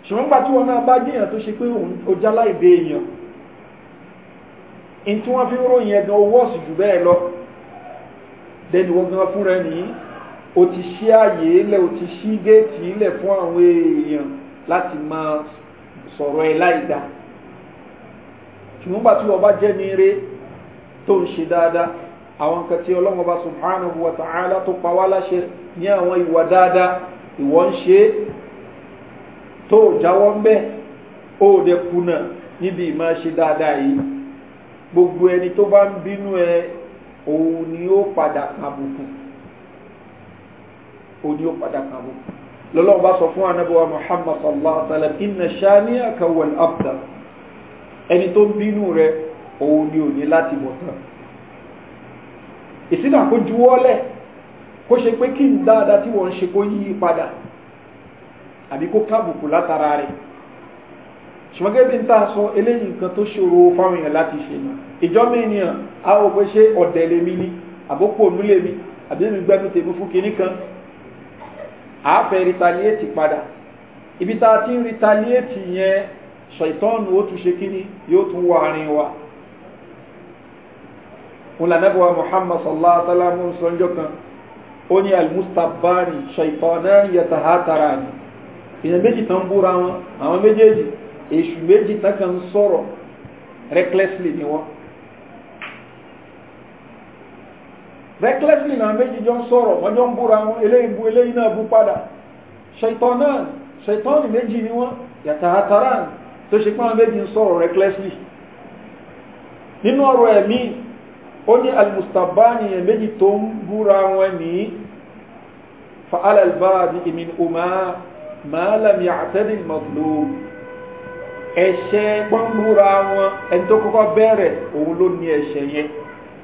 ṣùgbọ́n gbà tí wọn náà bá jẹ́yàn tó ṣe pé ó láì dé èèyàn in tí wọ́n fi ròyìn ẹ̀gan owó ọ̀sì jù bẹ́ẹ̀ lọ dẹni wọ́n gan fún rẹ nìyí o ti ṣí ààyè ilẹ̀ o ti ṣí géètì ilẹ̀ fún àwọn èèyàn láti máa sọ̀rọ̀ ẹ̀ láì dáa ṣùgbọ́n gbà tí wọ́n bá jẹ́ ní eré tó ń ṣe dáadáa àwọn nǹkan tí ọlọ́run bá subhanahu wa ta'ala tó pa wá láṣẹ ní àwọn ìwà dáadáa ìwọ ń ṣe tó jáwọ́ ń bẹ́ẹ̀ ó dẹ kùnà níbi ìmọ̀ ṣe dáadáa yìí gbogbo ẹni tó bá ń bínú ẹ òun ni ó padà kàbùkù òun ni ó padà kàbùkù lọ́lọ́run bá sọ fún anábọ́wá muhammad sallallahu alaihi inna shani'aka wal abtar ẹni tó bínú rẹ òun ni ò láti mọ̀ tán ìsìnà kó juwọ́lẹ̀ kó ṣe pé kí n dáadáa tí wọ́n ń ṣe kó yí padà àbí kó kábùkù látara rẹ̀ ṣùgbọ́n n ta sọ eléyìí nǹkan tó ṣòro fáwọn èèyàn láti ṣe nù ìjọ mìíràn a ò pé ṣe ọ̀dẹ̀ ni àbókù mi àbí mi gbẹ́nu tèmi fún kinní kan àáfẹ́ retaliate padà ibi tá a ti ń retaliate yẹn ṣaitọ́nù ó tún ṣe kíní yóò tún wà rìn wa olànàbíwa muhammad sallallahu alaihi wasallam sọ́njọ́ kan ó ní almustabani ṣaitọ́nà yàtàhátara ni ìyẹn méjì tán búra wọn àwọn méjèèjì èṣù méjì tán kan sọ̀rọ̀ recklessly ni wọn recklessly náà méjì jọ ń sọ̀rọ̀ wọ́n jọ ń búra wọn eléyìí bú eléyìí náà bú padà ṣaitọ́nà ṣaitọ́nì méjì ni wọn yàtàhátara ni tó ṣe pọ́n méjì ń sọ̀rọ̀ recklessly nínú ọ̀rọ̀ ẹ̀mí ó ní almustabani ẹ̀ méjì tó ń búra wọn ní fa'ala albáàdì ìmìn ọmọ màálàmì àtẹ́dì mazlum ẹ̀ṣẹ̀ pọ́n búra wọn ẹni tó kọ́kọ́ bẹ̀rẹ̀ òun ló ní ẹ̀ṣẹ̀ yẹn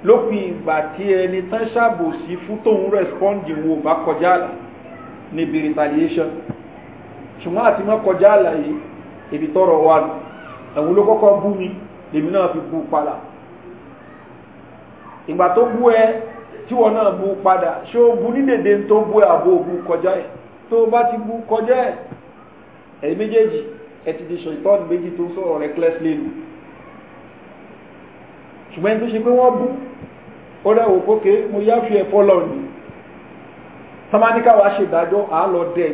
lópin ìgbà tí ẹni tán ṣàbòsí fún tóun rẹ̀spọ́ndì wo bá kọjá níbi retaliation ṣùgbọ́n àti mọ́ kọjá àlàyé ibi tọrọ wà nù ẹ̀wọ̀n ló kọ́kọ́ bú mi lèmi náà fi bú padà ìgbà tó bú ẹ tí wọn náà bú padà ṣé ó bú ní dèdè tó bú ẹ àbó bú kọjá ẹ tó bá ti bú kọjá ẹ ẹ méjèèjì ẹ ti di ṣètọ́nù méjì tó sọ̀rọ̀ rẹ kílẹ̀sílẹ̀ nù ṣùgbọ́n tó ṣe pé wọ́n bú ó rẹ̀ wò pókè mo yá fi ẹ̀fọ́ lọ nì tọ́máníkà wàá ṣèdájọ́ àá lọ dẹ̀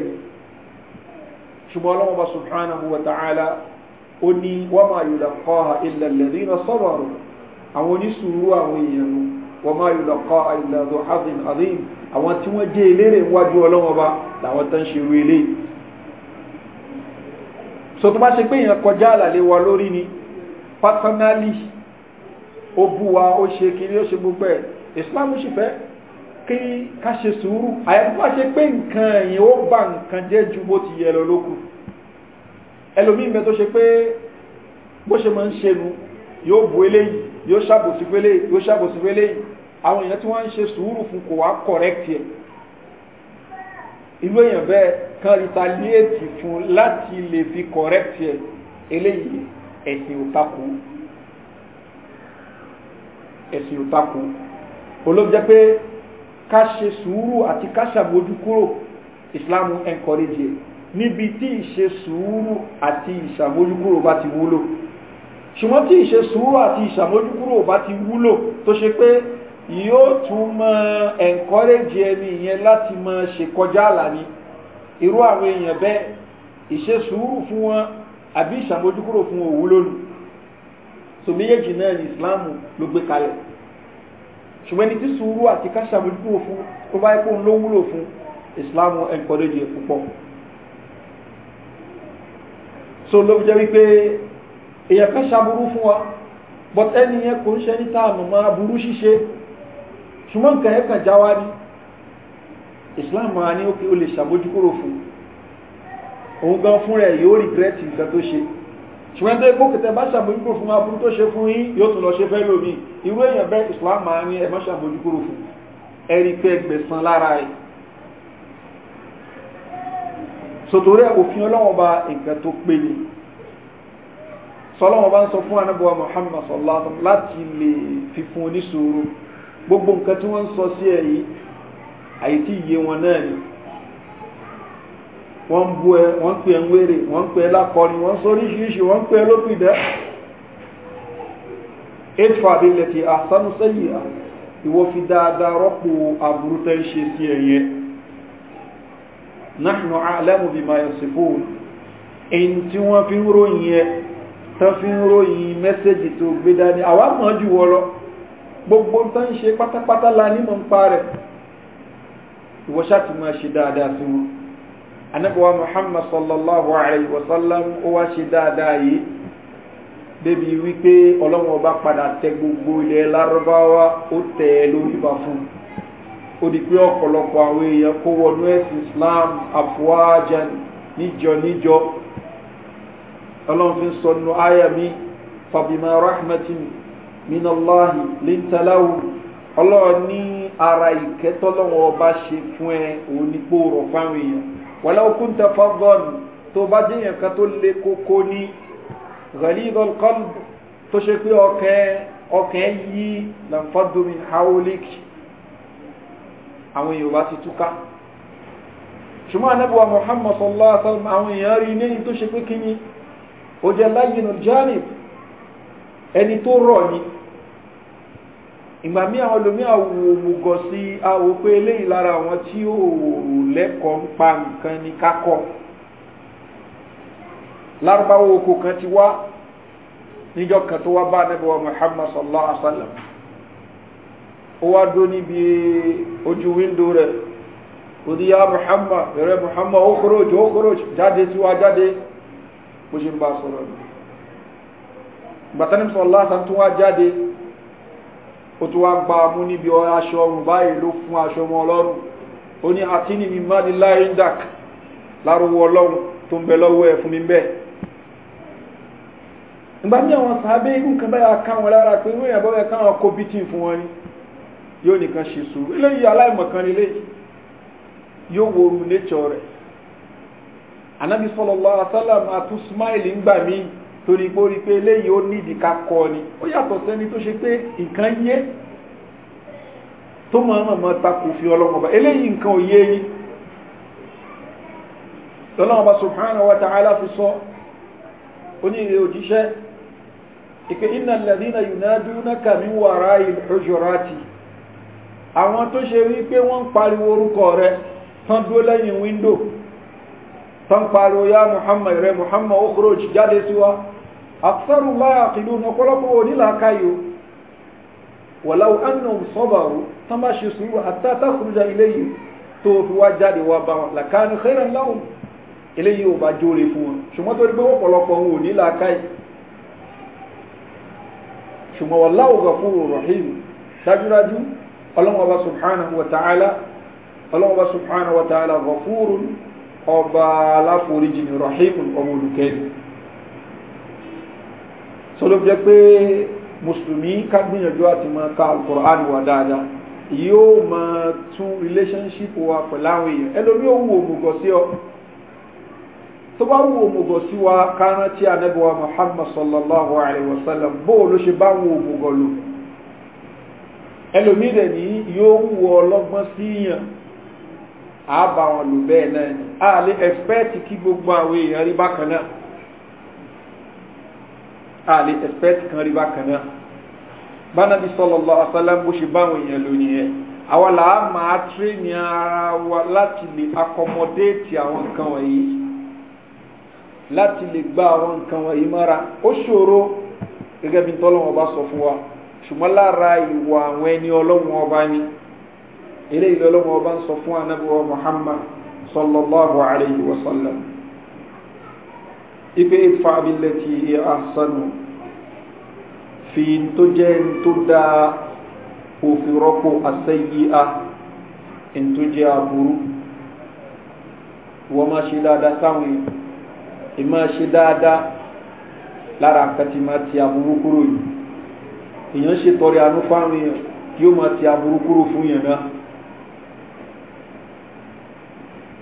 ṣùgbọ́n ọlọ́wọ́ bá subhanahu wa ta'ala ó ní wọ́n máa yòlá kọ́ ha ilẹ̀ lẹ́dí iná sọ́bàrù àwọn onísùúrù àwọn èèyàn nu wọ́n máa yòlá kọ́ ha ilẹ̀ ọ̀dọ̀ àwọn tí wọ́n jẹ́ eléré wájú ọlọ́wọ́ bá kí ká ṣe sùúrù àyàfi má ṣe pé nǹkan ẹ̀yìn ó bà nǹkan jẹ́ ju bó ti yẹ lọ lókù ẹlòmíì mẹ́ tó ṣe pé bó ṣe máa ń ṣe nu yóò bu eléyìí yóò ṣàbòsí fẹ́lẹ́ yóò ṣàbòsí fẹ́lẹ́ àwọn èèyàn tí wọ́n ń ṣe sùúrù fún kò wá kọ̀rẹ́kì ẹ̀ ìlú èèyàn bẹ́ẹ̀ kan rìtàlíètì fún láti lè fi kọ̀rẹ́kì ẹ̀ eléyìí ẹ̀sìn òtakù ẹ̀sìn òtakù olóòjẹ́ pé ká ṣe sùúrù àti ká ṣàbójú kúrò islam encourage ẹ e. níbi tí ìṣe sùúrù àti ìṣàbójú kúrò bá ti wúlò ṣùgbọ́n tí ìṣe sùúrù àti ìṣàbójú kúrò bá ti wúlò tó ṣe pé yóò tún mọ encourage ẹni yẹn láti mọ ṣe kọjá àlàní irú àwọn èèyàn bẹ́ẹ̀ ìṣe sùúrù fún wọn àbí ìṣàbójú kúrò fún òwúlò nù tòmíyèjì náà ní islam ló gbé kalẹ̀ ṣùgbọ́n ní tí sùúrù àti káṣàmójúkúrò fún tó bá ipò ló wúlò fún islam encourage e púpọ̀ so ló jẹ́ wípé èèyàn kan ṣàbúrú fún wa but ẹni yẹn kò ń ṣe ní táàmù máa burú ṣíṣe ṣùgbọ́n nǹkan yẹn kan já wá ní islam máa ó lè ṣàmójúkúrò fún òun gan fún rẹ̀ yóò regret nǹkan tó ṣe ṣùgbọ́n tó gbókè tẹ bá ṣàmójúkúrò fún aburú tó ṣe fún yín yóò tún lọ ṣe fẹ́ lómi irú èèyàn bẹ́ẹ̀ islam máa ń ẹ má ṣàmójúkúrò fún ẹ̀rí pé ẹgbẹ̀sán lára ẹ̀ sòtòrí òfin ọlọ́wọ́n bá nǹkan tó pé ni sọlọ́wọ́n ń sọ fún anábọ̀ muhammad sallallahu láti lè fi fún oníṣòro gbogbo nǹkan tí wọ́n wọ́n bú ẹ wọ́n pè ń wèrè wọ́n pè lákọni wọ́n sóríṣiríṣi wọ́n pè lópìdẹ́ ètò àbílẹ̀ ti àsánú sẹ́yìn à ìwọ fi dáadáa rọ́pò aburú tẹ́ ṣe sí ẹ̀yẹ náà alẹ́mù bí ma yẹ̀sì fóòn èyí tí wọ́n fi ń ròyìn ẹ tán fi ń ròyìn mẹ́sẹ̀jì tó gbé dání àwa mọ̀ jù wọ́ lọ gbogbo tán ṣe pátápátá la nímọ̀ ń pa rẹ̀ ìwọ ṣáà ṣe dáadáa sí wọn anabiwa muhammad sallallahu alayhi wa sallam ó wá ṣe dáadáa yìí débi wípé ọlọ́wọ́n bá padà tẹ gbogbo ilẹ̀ lárúbáwá ó tẹ̀ ẹ́ lórí bá fún un ó di pé ọ̀pọ̀lọpọ̀ àwọn èèyàn kó wọnú ẹ̀sìn islam afuwaja níjọ níjọ ọlọ́run fi ń sọ nínú àyà mi fabima rahmatin minallahi lintalahu ọlọ́run ní ara ìkẹ́tọ́lọ́wọ́n ọba ṣe fún ẹ òun ní pòrọ̀ fáwọn èèyàn walau kunta faddan tó bá jẹ́yàn kan tó le koko ní ghalid alqalb tó ṣe pé ọkẹ́ ọkẹ́ yí lanfaddu min hawlik àwọn èèyàn bá ti túká ṣùgbọ́n anábíwá muhammad sallallahu alaihi wasallam àwọn èèyàn rí ní tó ṣe pé kíní ó jẹ́ láyé nù jánib ẹni tó rọ̀ ni ìgbà mí àwọn olómi àwò òmùgọ̀ sí àwò pé eléyìí lára àwọn tí ó lẹ́kọ̀ọ́ ń pa nǹkan ní kákọ́ lárúbáwò oko kan ti wá níjọ́ kan tó wá bá anábíwá muhammad sallallahu alaihi wa sallam ó wá níbi ojú ya muhammad rẹ̀ muhammad ó kúròjì ó jade jáde tí wá jáde bó ṣe ń bá sọ̀rọ̀ Otu tó wá gba mú níbi aṣọ ọrùn báyìí ló fún aṣọ ọmọ ọlọ́run ó ní àti ní mi má ní ọlọ́run tó ń bẹ lọ́wọ́ ẹ̀ fún mi bẹ́ẹ̀ nígbà ní àwọn sàábé irú aka báyà káwọn lára pé wọ́n yàbọ̀ ẹ̀ká àwọn kó bí tí fún wọn ni yóò nìkan ṣe sùúrù eléyìí aláìmọ̀kan nílé yóò nature rẹ̀ torí pé ó rí pé eléyìí ó nídìí ká kọ́ ni ó yàtọ̀ sẹ́ni tó ṣe pé nǹkan yé tó mọ̀ ọ́n mọ̀ takò fi ọlọ́mọ bá eléyìí nǹkan ò yé yín lọ́lọ́mọba subhanahu wa ta'ala fi sọ oníire òjíṣẹ́ ìpé iná lẹ́dínà yunadunaka min wara'il hujurati àwọn tó ṣe rí pé wọ́n ń pariwo orúkọ rẹ tán dúó lẹ́yìn wíńdò tán pariwo ya muhammad rẹ muhammad okroch jáde sí wa aksaru láàkìlú ọ̀pọ̀lọpọ̀ onílàákàyò wọ̀láwọ̀ annum sọ́bàrù tán bá ṣe sùúrù àtàtàkùrújà iléyìí tó fi wá jáde wá bá wọn làkánú xẹ́rẹ̀ láwùn eléyìí ò bá jóore fún wọn ṣùgbọ́n torí pé ọ̀pọ̀lọpọ̀ wọn ò nílàákàyò ṣùgbọ́n wọ̀láwọ̀ gafúrò rahim dájúdájú ọlọ́mọba subhanahu wa ta'ala ọlọ́mọba subhanahu wa ta'ala gafúrò ọba aláforíjì rahim ọmọ so ló jẹ́ pé mùsùlùmí ká gbìyànjú àti máa ka alukur'an wà dáadáa yóò máa tún relationship wa pẹ̀lú àwọn èèyàn ẹlòmí ò wù òmùgọ̀ sí ọ tó bá wù òmùgọ̀ sí wa ká rántí anábíwá muhammad sallallahu alayhi wa sallam bó ló ṣe bá wù òmùgọ̀ lò ẹlòmí dẹ̀ ní yóò wù ọlọ́gbọ́n síyàn àbàwọn lò bẹ́ẹ̀ náà ni a lè expect kí gbogbo àwọn èèyàn rí bákan náà a lè expect kan rí bákan náà bánàbí sallallahu alaihi wasallam bó ṣe báwọn èèyàn lónìí yẹn àwa là á máa tírèèni ara wa láti lè akọmọdéètì àwọn nǹkan wọ̀nyí láti lè gba àwọn nǹkan wọ̀nyí mọ́ra ó ṣòro gẹ́gẹ́ bí tọ́lọ́wọ́n ọba sọ fún wa ṣùgbọ́n lára ìwà àwọn ẹni ọlọ́wọ́n ọba ni eléyìí lọ́lọ́wọ́n ọba ń sọ fún anábíwá Muhammad sallallahu alayhi wa sallam ipe ìfà abilẹ̀ ti ìyẹ àṣánù fi tó jẹ́ tó dá òfin rọ́pò àṣẹ́yí a in tó jẹ́ àbúrú wọ́n máa ṣe dáadáa sáwọn ìmá ṣe dáadáa lára àkàtì máa ti àbúrú kúrò yìí èèyàn ṣe tọrẹ àánú fáwọn èèyàn yóò máa ti àbúrú kúrò fún yẹn náà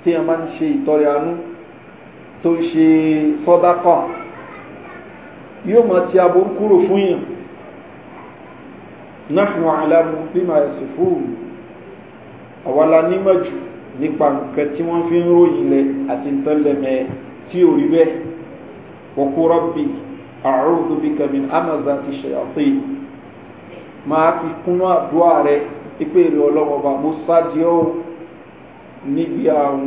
tí a máa ń ṣe ìtọrẹ àánú tó ń ṣe sọ́dákọ̀ yóò máa ti aburú kúrò fún yàn nahnu alamu bima yasifun àwa la nímọ̀ jù nípa nǹkan tí wọ́n fi ń ròyìn lẹ àti nǹkan lẹ́mẹ̀ tí ò rí bẹ́ẹ̀ òkú rọ́bì àrùdù bí kàmín amazan ti ṣe àti máa fi kúnú àdúrà rẹ pípé èrè ọlọ́wọ́ mo sáà ọ́ níbi àwọn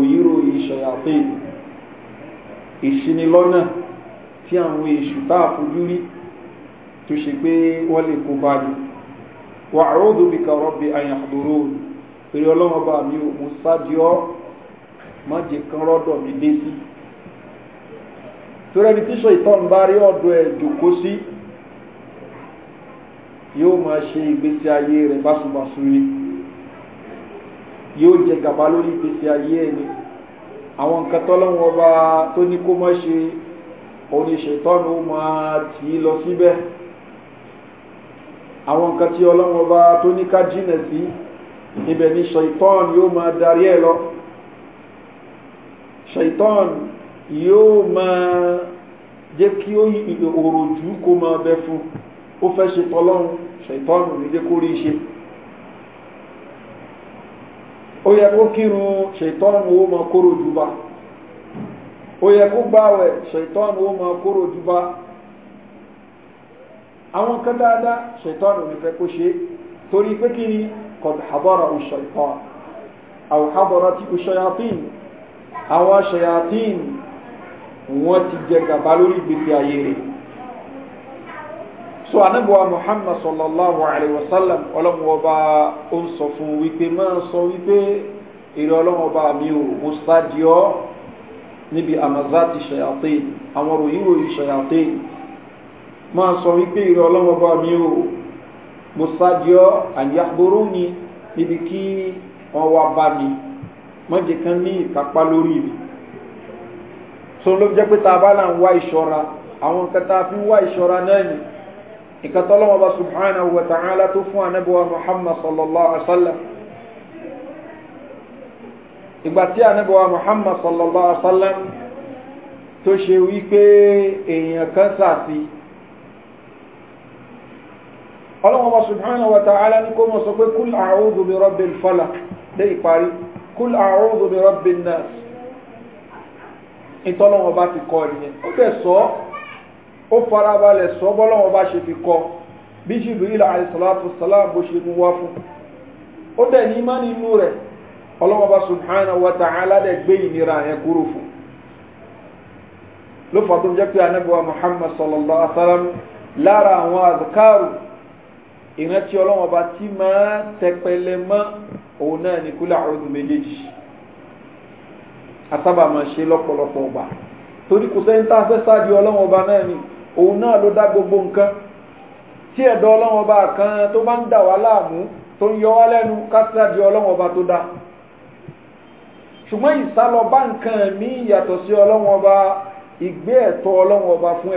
òyìnròyìn ṣe àti ìṣinilọ́nà tí àwọn èṣù táà fojú rí tó ṣe pé wọ́n lè kó bá ní wà áwọ́dù bí ká rọ́bì àyàndòrò eré ọlọ́wọ́ bá mi ò mú sádìọ́ má jẹ kán rọ́dọ̀ mi dé sí torí ẹni tíṣọ ìtọ́n bá rí ọ̀dọ̀ ẹ̀ jòkó sí yóò máa ṣe ìgbésí ayé rẹ̀ básubàsú ni yóò jẹ gàba lórí ìgbésí ayé ẹni àwọn nǹkan tọ́lọ́wọ́n ọba tó ní kó mọ́ ṣe oníṣètọ́nù máa tì í lọ síbẹ̀ àwọn nǹkan tí ọlọ́wọ́n ọba tó ní ká jìnà sí ibẹ̀ ni ṣètọ́n yóò máa darí ẹ̀ lọ ṣètọ́n yóò máa jẹ́ kí òròjú kó máa bẹ fún ó fẹ́ ṣe tọ́lọ́run ṣètọ́n ò ní jẹ́ kó rí ṣe ó yẹ kó kírun ṣètọ́nù ó mọ kóró jùbá ó yẹ kó gbáwẹ̀ ṣètọ́nù ó mọ kóró jùbá àwọn kan dáadáa ṣètọ́nù nífẹ̀ẹ́ kó ṣe torí pé kí ni kọ̀dù àbọ̀rọ̀ òṣèlú àwọn àbọ̀rọ̀ ti òṣèlú àwọn ṣèyàtìn wọ́n ti jẹ gàba lórí gbèsè ayé rẹ̀ so anabuwa muhammad sallallahu alayhi wa sallam ọlọ́mọba ó ń sọ fún wípé máa sọ wípé èrè ọlọ́mọba mi ò mo sádìọ́ níbi amazati ṣayàtẹ́ àwọn ròyìn ròyìn ṣayàtẹ́ máa sọ wípé èrè ọlọ́mọba mi ò mo sádìọ́ àyàgbóró ni níbi kí wọ́n wá bá mi mọ́jẹ̀ kan ní ìkápá lórí mi so ló jẹ́ pé tá a bá là ń wá ìṣọ́ra àwọn nǹkan fi ń wá ìṣọ́ra náà nìyí nǹkan tọ́lọ́wọ́ bá subhanahu wa ta'ala tó fún anábíwá muhammad sallallahu alaihi wa sallam ìgbà tí anábíwá muhammad sallallahu alaihi wa sallam tó ṣe wípé èèyàn kan sàti ọlọ́wọ́ bá subhanahu wa ta'ala ní kó mọ̀ sọ pé kúl àrùdù bí rọ́bì fọlá dé ìparí kúl àrùdù bí rọ́bì náà ìtọ́lọ́wọ́ bá ti kọ́ ẹ̀yẹn ó bẹ̀ sọ ọ́ ó farabalẹ̀ sọ bọ́lọ́wọ́ bá ṣe fi kọ bí jibril àìsàlátù sàlám bó ṣe mú wá fún ó dẹ̀ ní má nínú rẹ̀ ọlọ́wọ́ bá subhanahu wa ta'ala dẹ̀ gbé ìnira yẹn kúrò fún ló fà tó jẹ́ pé anábíwá muhammad sallallahu alaihi wa sallam lára àwọn àzùkárù ìrántí ọlọ́wọ́ tí máa tẹpẹlẹ mọ́ òun náà ní kúlẹ̀ àrùn méjèèjì asábà máa ṣe lọ́pọ̀lọpọ̀ ọba torí kò sẹ́ńtà fẹ́ sáájú ọlọ́wọ́ náà ni. òun náà ló dá gbogbo nǹkan tí ẹ̀dọ́ ọlọ́run kan tó bá ń dà wá láàmú tó ń yọ wá lẹ́nu kásíláàdì ọlọ́run ọba tó dá ṣùgbọ́n ìsálọ bá nǹkan mí yàtọ̀ sí ọlọ́run ìgbé ẹ̀tọ́ ọlọ́run fún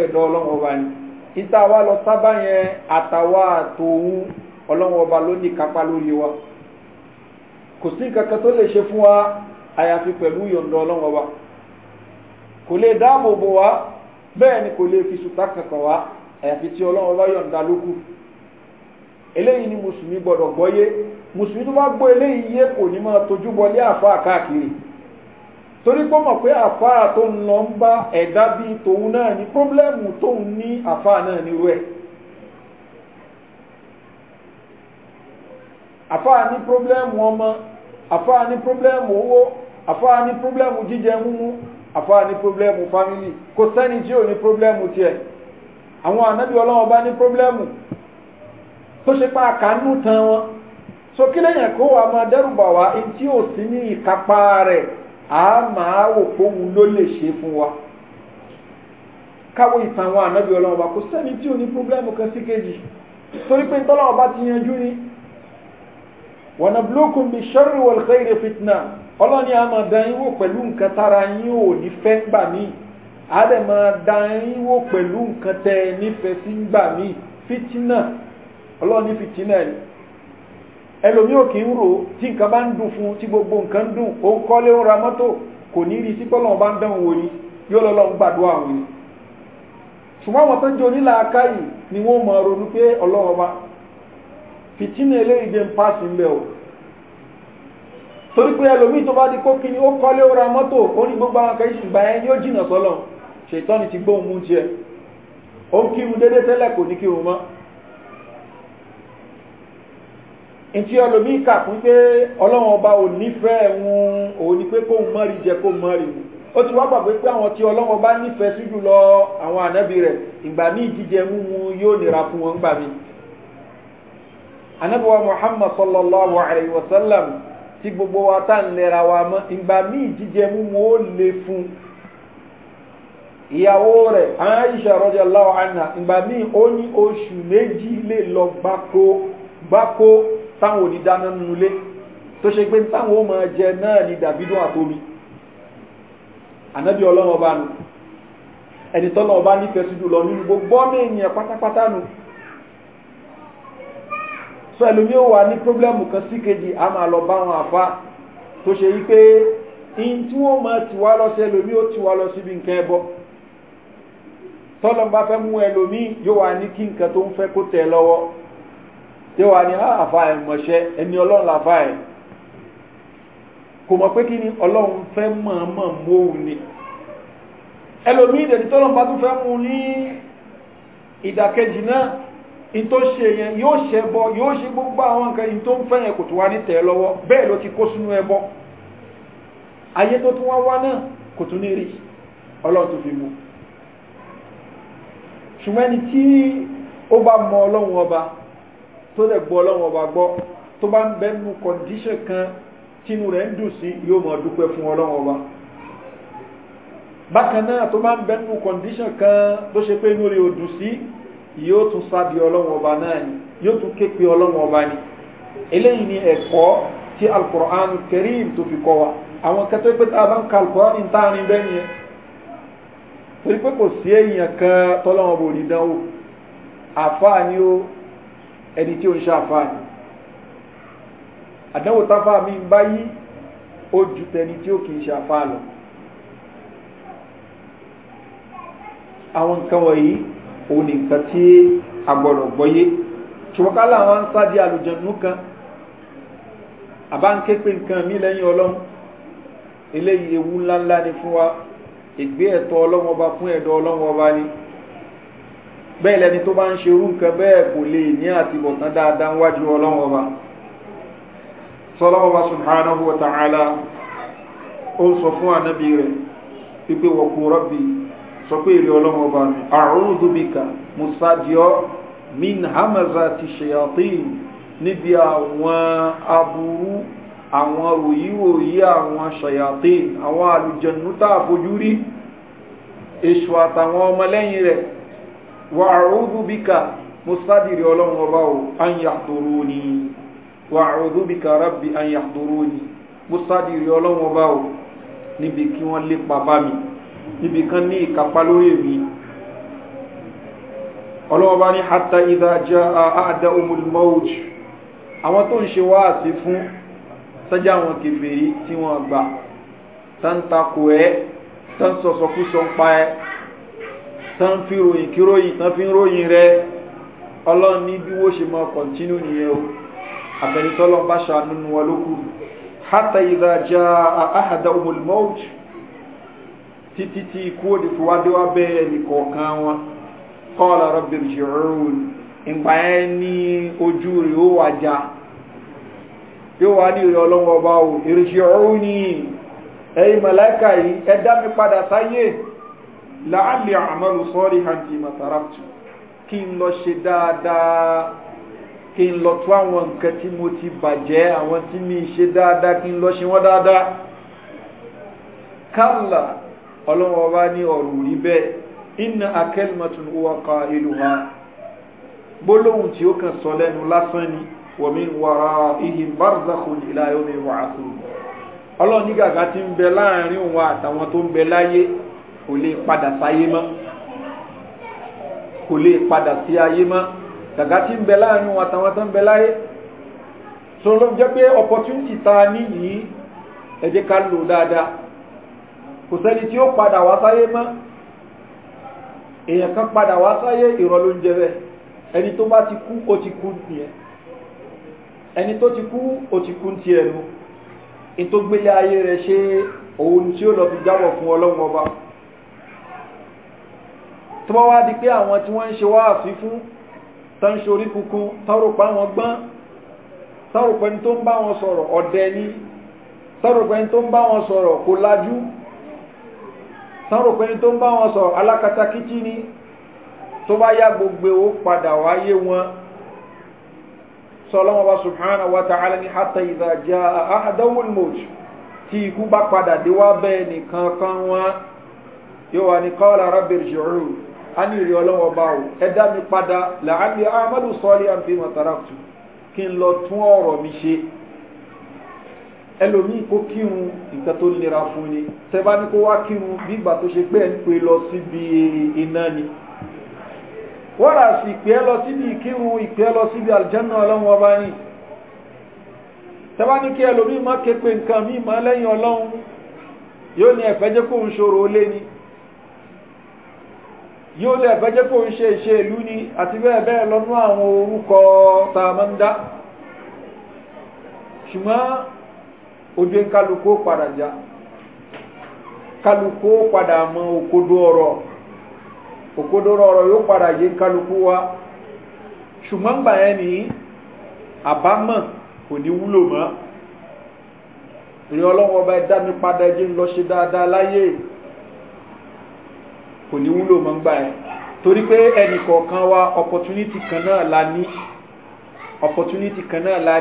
wa lọ sábà yẹn àtòun ló ní kápá lórí wa bẹ́ẹ̀ ni kò lè fi sùtá kankan wá àyàfi tí ọlọ́run bá lókù eléyìí ni mùsùlùmí gbọ́dọ̀ gbọ́yé mùsùlùmí tó bá gbọ́ eléyìí yé kò ní máa tójú lé àfáà káàkiri torí pé mọ̀ pé àfáà tó ń lọ ń bá ẹ̀dá bíi tòun náà ni tóun ní ọmọ àfáà ní owó àfáà ní jíjẹ múmú àfáà ní pírọ́blẹ́mù fámílì kò sẹ́ni tí ò ní pírọ́blẹ́mù tiẹ̀ àwọn ànábì ọlọ́wọ́n bá ní pírọ́blẹ́mù tó ṣe pa àkánú tan wọn so kí lẹ́yìn kó wa máa dẹ́rùbà wá in tí ò sí ní ìkápá rẹ̀ a máa wò póhun ló lè ṣe fún wa káwọ́ ìtàn àwọn ànábì ọlọ́wọ́n bá kò sẹ́ni tí ò ní pírọ́blẹ́mù kan sí kejì torí pé tọ́lọ́wọ́n bá ti yanjú ni wọ̀nà blókùn bí sọ́rì wọ̀lẹ́kẹ́ ìrẹ́ fitna ọlọ́ni a máa dan yín wò pẹ̀lú nǹkan tára yín ò ní fẹ́ gbà mí a dẹ̀ máa dán yín wò pẹ̀lú nǹkan tẹ́ nífẹ̀ẹ́ sí gbà ni ẹlòmí ò kì í rò tí nǹkan bá ń dùn fún tí gbogbo nǹkan ń dùn ó ń kọ́lé ó ń ra mọ́tò kò ní rí sí pọ́lọ́n bá ń dán wò ni yóò torí pé ẹlòmíì tó bá di kó kí ni ó o ó ra mọ́tò ó ní gbogbo àwọn akẹ́yìn ìgbà yẹn yóò jìnà sọ́lọ̀ ṣètọ́ni ti gbóhùn mú tiẹ̀ ó ń kírun dédé tẹ́lẹ̀ kò ní kírun mọ́ ntí ọlọmíì kà fún pé ọlọ́run ọba ò nífẹ̀ẹ́ wọn òun ni pé kó ń jẹ mu ó ti wá gbàgbé pé àwọn tí nira fún wọn muhammad sallallahu alayhi wa sallam tí gbogbo wa tá ń lẹ́ra wa mọ́ ìgbà míì jíjẹ múmu ó le fún ìyàwó rẹ̀ Aisha radiyallahu anha ìgbà míì ó ní oṣù méjì lè lọ gbáko gbáko táwọn onídáná nulẹ̀ tó ṣe pé táwọn ó máa jẹ náà ni dàbídùn àtomi ànábì ọlọ́run ọba nu ẹni tọ́lọ́ ọba nífẹ̀ẹ́ sí jùlọ nínú gbogbo ọmọ ènìyàn pátápátá nu so ẹlòmíì wà ní pírọ́blẹ́mù kan sí kejì a máa lọ bá wọn àfa tó ṣe yí pé in tí wọ́n máa tì wá lọ sí ẹlòmíì ó tì wá lọ síbi nǹkan ẹbọ tọ́lọ́n bá fẹ́ mú ẹlòmíì yóò wà ní kí nǹkan tó ń fẹ́ kó tẹ̀ lọ́wọ́ tí wà ní ah, àfa ẹ̀ mọ̀ṣẹ́ ẹni ọlọ́run làfa ẹ̀ kò mọ̀ pé kí ni ọlọ́run fẹ́ mọ̀ọ́mọ̀ móhùn ni ẹlòmíì dẹ̀ ní bá tún fẹ́ mú ní ìdàkejì náà in tó ṣe yẹn yóò ṣe bọ yóò ṣe gbogbo àwọn nǹkan in tó ń fẹ́ yẹn kò tó wá ní tẹ̀ lọ́wọ́ bẹ́ẹ̀ ló ti kó sínú ẹbọ ayé tó tún wá wá náà kò tún ní rí ọlọ́run tó fi mú ṣùgbọ́n ẹni tí ó bá mọ ọlọ́run ọba tó lè gbọ́ ọlọ́run ọba gbọ́ tó bá ń bẹ́nu kọ̀ǹdíṣẹ̀ kan tínú rẹ̀ ń dùn sí yóò mọ̀ dúpẹ́ fún ọlọ́run ọba bákan náà tó bá ń bẹ́nu kọ̀ǹdíṣẹ̀ kan tó ṣe pé inú rẹ̀ ò dùn sí yóò tún sábì ọlọ́wọ́n ọba náà ni yóò tún ké pe ọlọ́wọ́n ọba ni eléyìí ni ẹ̀kọ́ tí alukur'an kẹrin tó fi kọ́ wa àwọn kẹtọ́ pé tá a bá ń ka alukur'an ń tààrin bẹ́ẹ̀ yẹn torí pé kò sí èèyàn kan tọ́lọ́wọ́n bò ní dánwò àfáà ni ẹni tí ó ń ṣe àfáà àdánwò táfà mi ń bá yí ó ju tẹni tí ó kì í ṣe àfáà lọ àwọn nǹkan wọ̀nyí òun ni nǹkan tí a gbọ́dọ̀ gbọ́yé ṣùgbọ́n kálá àwọn ń sáde àlùjẹ̀nù kan àbá ń ké pé nǹkan mí lẹ́yìn ọlọ́run eléyìí ewu ńláńlá ni fún wa ìgbé ẹ̀tọ́ ọlọ́run ọba fún ẹ̀dọ́ ọlọ́run ọba ni bẹ́ẹ̀ lẹni tó bá ń ṣe irú nǹkan kò lè ní àtibọ̀tán dáadáa wájú ọlọ́run ọba sọlọ́wọ́ subhanahu wa ta'ala ó sọ fún ànábì rẹ̀ pípé wọ̀kú rọ́bì sọ pé èrè ọlọ́wọ́ bá mi a'udhu bika musadio min hamazati shayatin níbi àwọn aburú àwọn ròyíwòyí àwọn shayatin àwọn àlùjànnú tá àfojú rí èṣù àtàwọn ọmọlẹ́yìn rẹ̀ wa a'udhu bika musadiri ọlọ́wọ́ bá o an yahduruni wa rabbi an yahduruni musadiri ọlọ́wọ́ bá o níbi kí wọ́n lépa bá mi níbi kan ní ìkápá lórí èmi ọlọ́wọ́ bá ní hata ìdájá àádá omulmouj àwọn tó ń ṣe wá àti fún sọ́jà àwọn kèfèrí tí wọ́n gbà tán takò ẹ́ tán sọ̀sọ̀kúsọ ń pa ẹ́ tán fi ròyìn kí ròyìn tán fi ròyìn rẹ ọlọ́run ní bí wó ṣe mọ́ kọ̀ntínú nìyẹn o àfẹnitọ́lọ́ bá ṣàánú wọn lókù hata ìdájá àádá omulmouj títí tí ikú òdì fi wá déwá bẹ́ẹ̀ nìkọ̀ọ̀kan wọn kọ́ọ̀lá rọ́bì jìrún ìgbà yẹn ní ojú rẹ̀ ó wà já yóò wá ní ìrẹ̀ ọlọ́wọ́ ọba o ìrìṣìrún ní ẹ̀yìn mọ̀lẹ́kà yìí ẹ dá mi padà sáyé láàlì àmọ́lù sọ́ọ̀rì hàǹtì màtàràtù kí n lọ ṣe dáadáa kí n lọ tó àwọn nǹkan tí mo ti bàjẹ́ àwọn tí mi ṣe dáadáa kí n lọ ṣe wọ́n dáadáa kálá ọlọ́wọ́ ọba ní ọ̀rọ̀ rí bẹ́ẹ̀ inna akẹ́lmọ̀tún wà ká ìlú ha gbólóhùn tí ó kàn sọ lẹ́nu lásán ni wọ̀mí wàrà ihìn barzakun ìlàyé omi wà á fún un ọlọ́ọ̀ni gàgà ti ń bẹ láàrin òun àtàwọn tó ń bẹ láyé kò lè padà sáyé mọ́ kò lè padà sí ayé mọ́ gàgà ti ń bẹ láàrin òun àtàwọn tó ń bẹ láyé sọ jẹ́ pé opportunity ta ní yìí ká lò dáadáa kò sẹ́ni tí ó padà wá sáyé mọ́ èèyàn kan padà wá sáyé ìrọ̀ ló ń jẹ bẹ́ẹ̀ ẹni tó bá ti kú ó ti kú nìyẹn ẹni tó ti kú ó ti kú ti ẹnu ìtògbélé ayé rẹ̀ ṣe òun tí ó lọ fi jábọ̀ fún ọlọ́run ọba tó bá wá di pé àwọn tí wọ́n ń ṣe wáá fi fún tó ń ṣorí kunkun tọ́rọ̀pá wọn gbọ́n tọ́rọ̀pá ẹni tó ń bá wọn sọ̀rọ̀ ọ̀dẹ ni tọ́rọ̀pá ẹni tó ń bá wọn sọ̀rọ̀ kò lajú tán rò pé ní tó ń bá wọn sọ̀rọ̀ alákatakítí ni tó bá yá gbogbo owó padà wáyé wọn sọlọ́wọ́ wa subhanahu wa ta'ala ni hata ìdá já àádọ́wọ́n mọ́j tí ikú bá padà déwá bẹ́ẹ̀ nìkan kan wọn yóò wà ní kọ́ọ̀lá rabbi jùrù a ní ìrì ọlọ́wọ́ bá o ẹ̀dá mi padà làálì ahmadu sọ́ọ́lì àǹfíìmọ̀ tàràkùtù kí n lọ tún ọ̀rọ̀ mi ṣe ẹlòmíì kó kírun nǹkan tó lera fún ni tẹ́bá ní kó wá kírun bí ìgbà tó ṣe pé ẹ̀ ń pè lọ síbi iná ni wọ́n rà sí ìpè ẹ lọ síbi ìkírun ìpè ẹ lọ síbi àlùjánnà ọlọ́run ọba ni tẹ́bá ní kí ẹlòmíì má ké pe nǹkan míì má lẹ́yìn ọlọ́run yóò ní ẹ̀fẹ́ jẹ́ kó ń ṣòro lé ni yóò lé ẹ̀fẹ́ jẹ́ kó ń ṣe ìṣe ìlú ni àti bẹ́ẹ̀ bẹ́ẹ̀ lọ́nú àwọn orúkọ tá ṣùgbọ́n ojú kálukú padà já kálukú padà mọ òkodo ọrọ, òkodo ọrọ yóò padà yé kálukú wa ṣùgbọ́n gbà ẹ́ ní àbámọ̀ kò ní wúlò mọ́ ìrì ọlọ́wọ́ ọba mi padà jí ń lọ ṣe dáadáa láyé kò ní wúlò mọ́ gbà ẹ́ torí pé ẹnì kọ̀ọ̀kan wa kan náà la ní kan náà la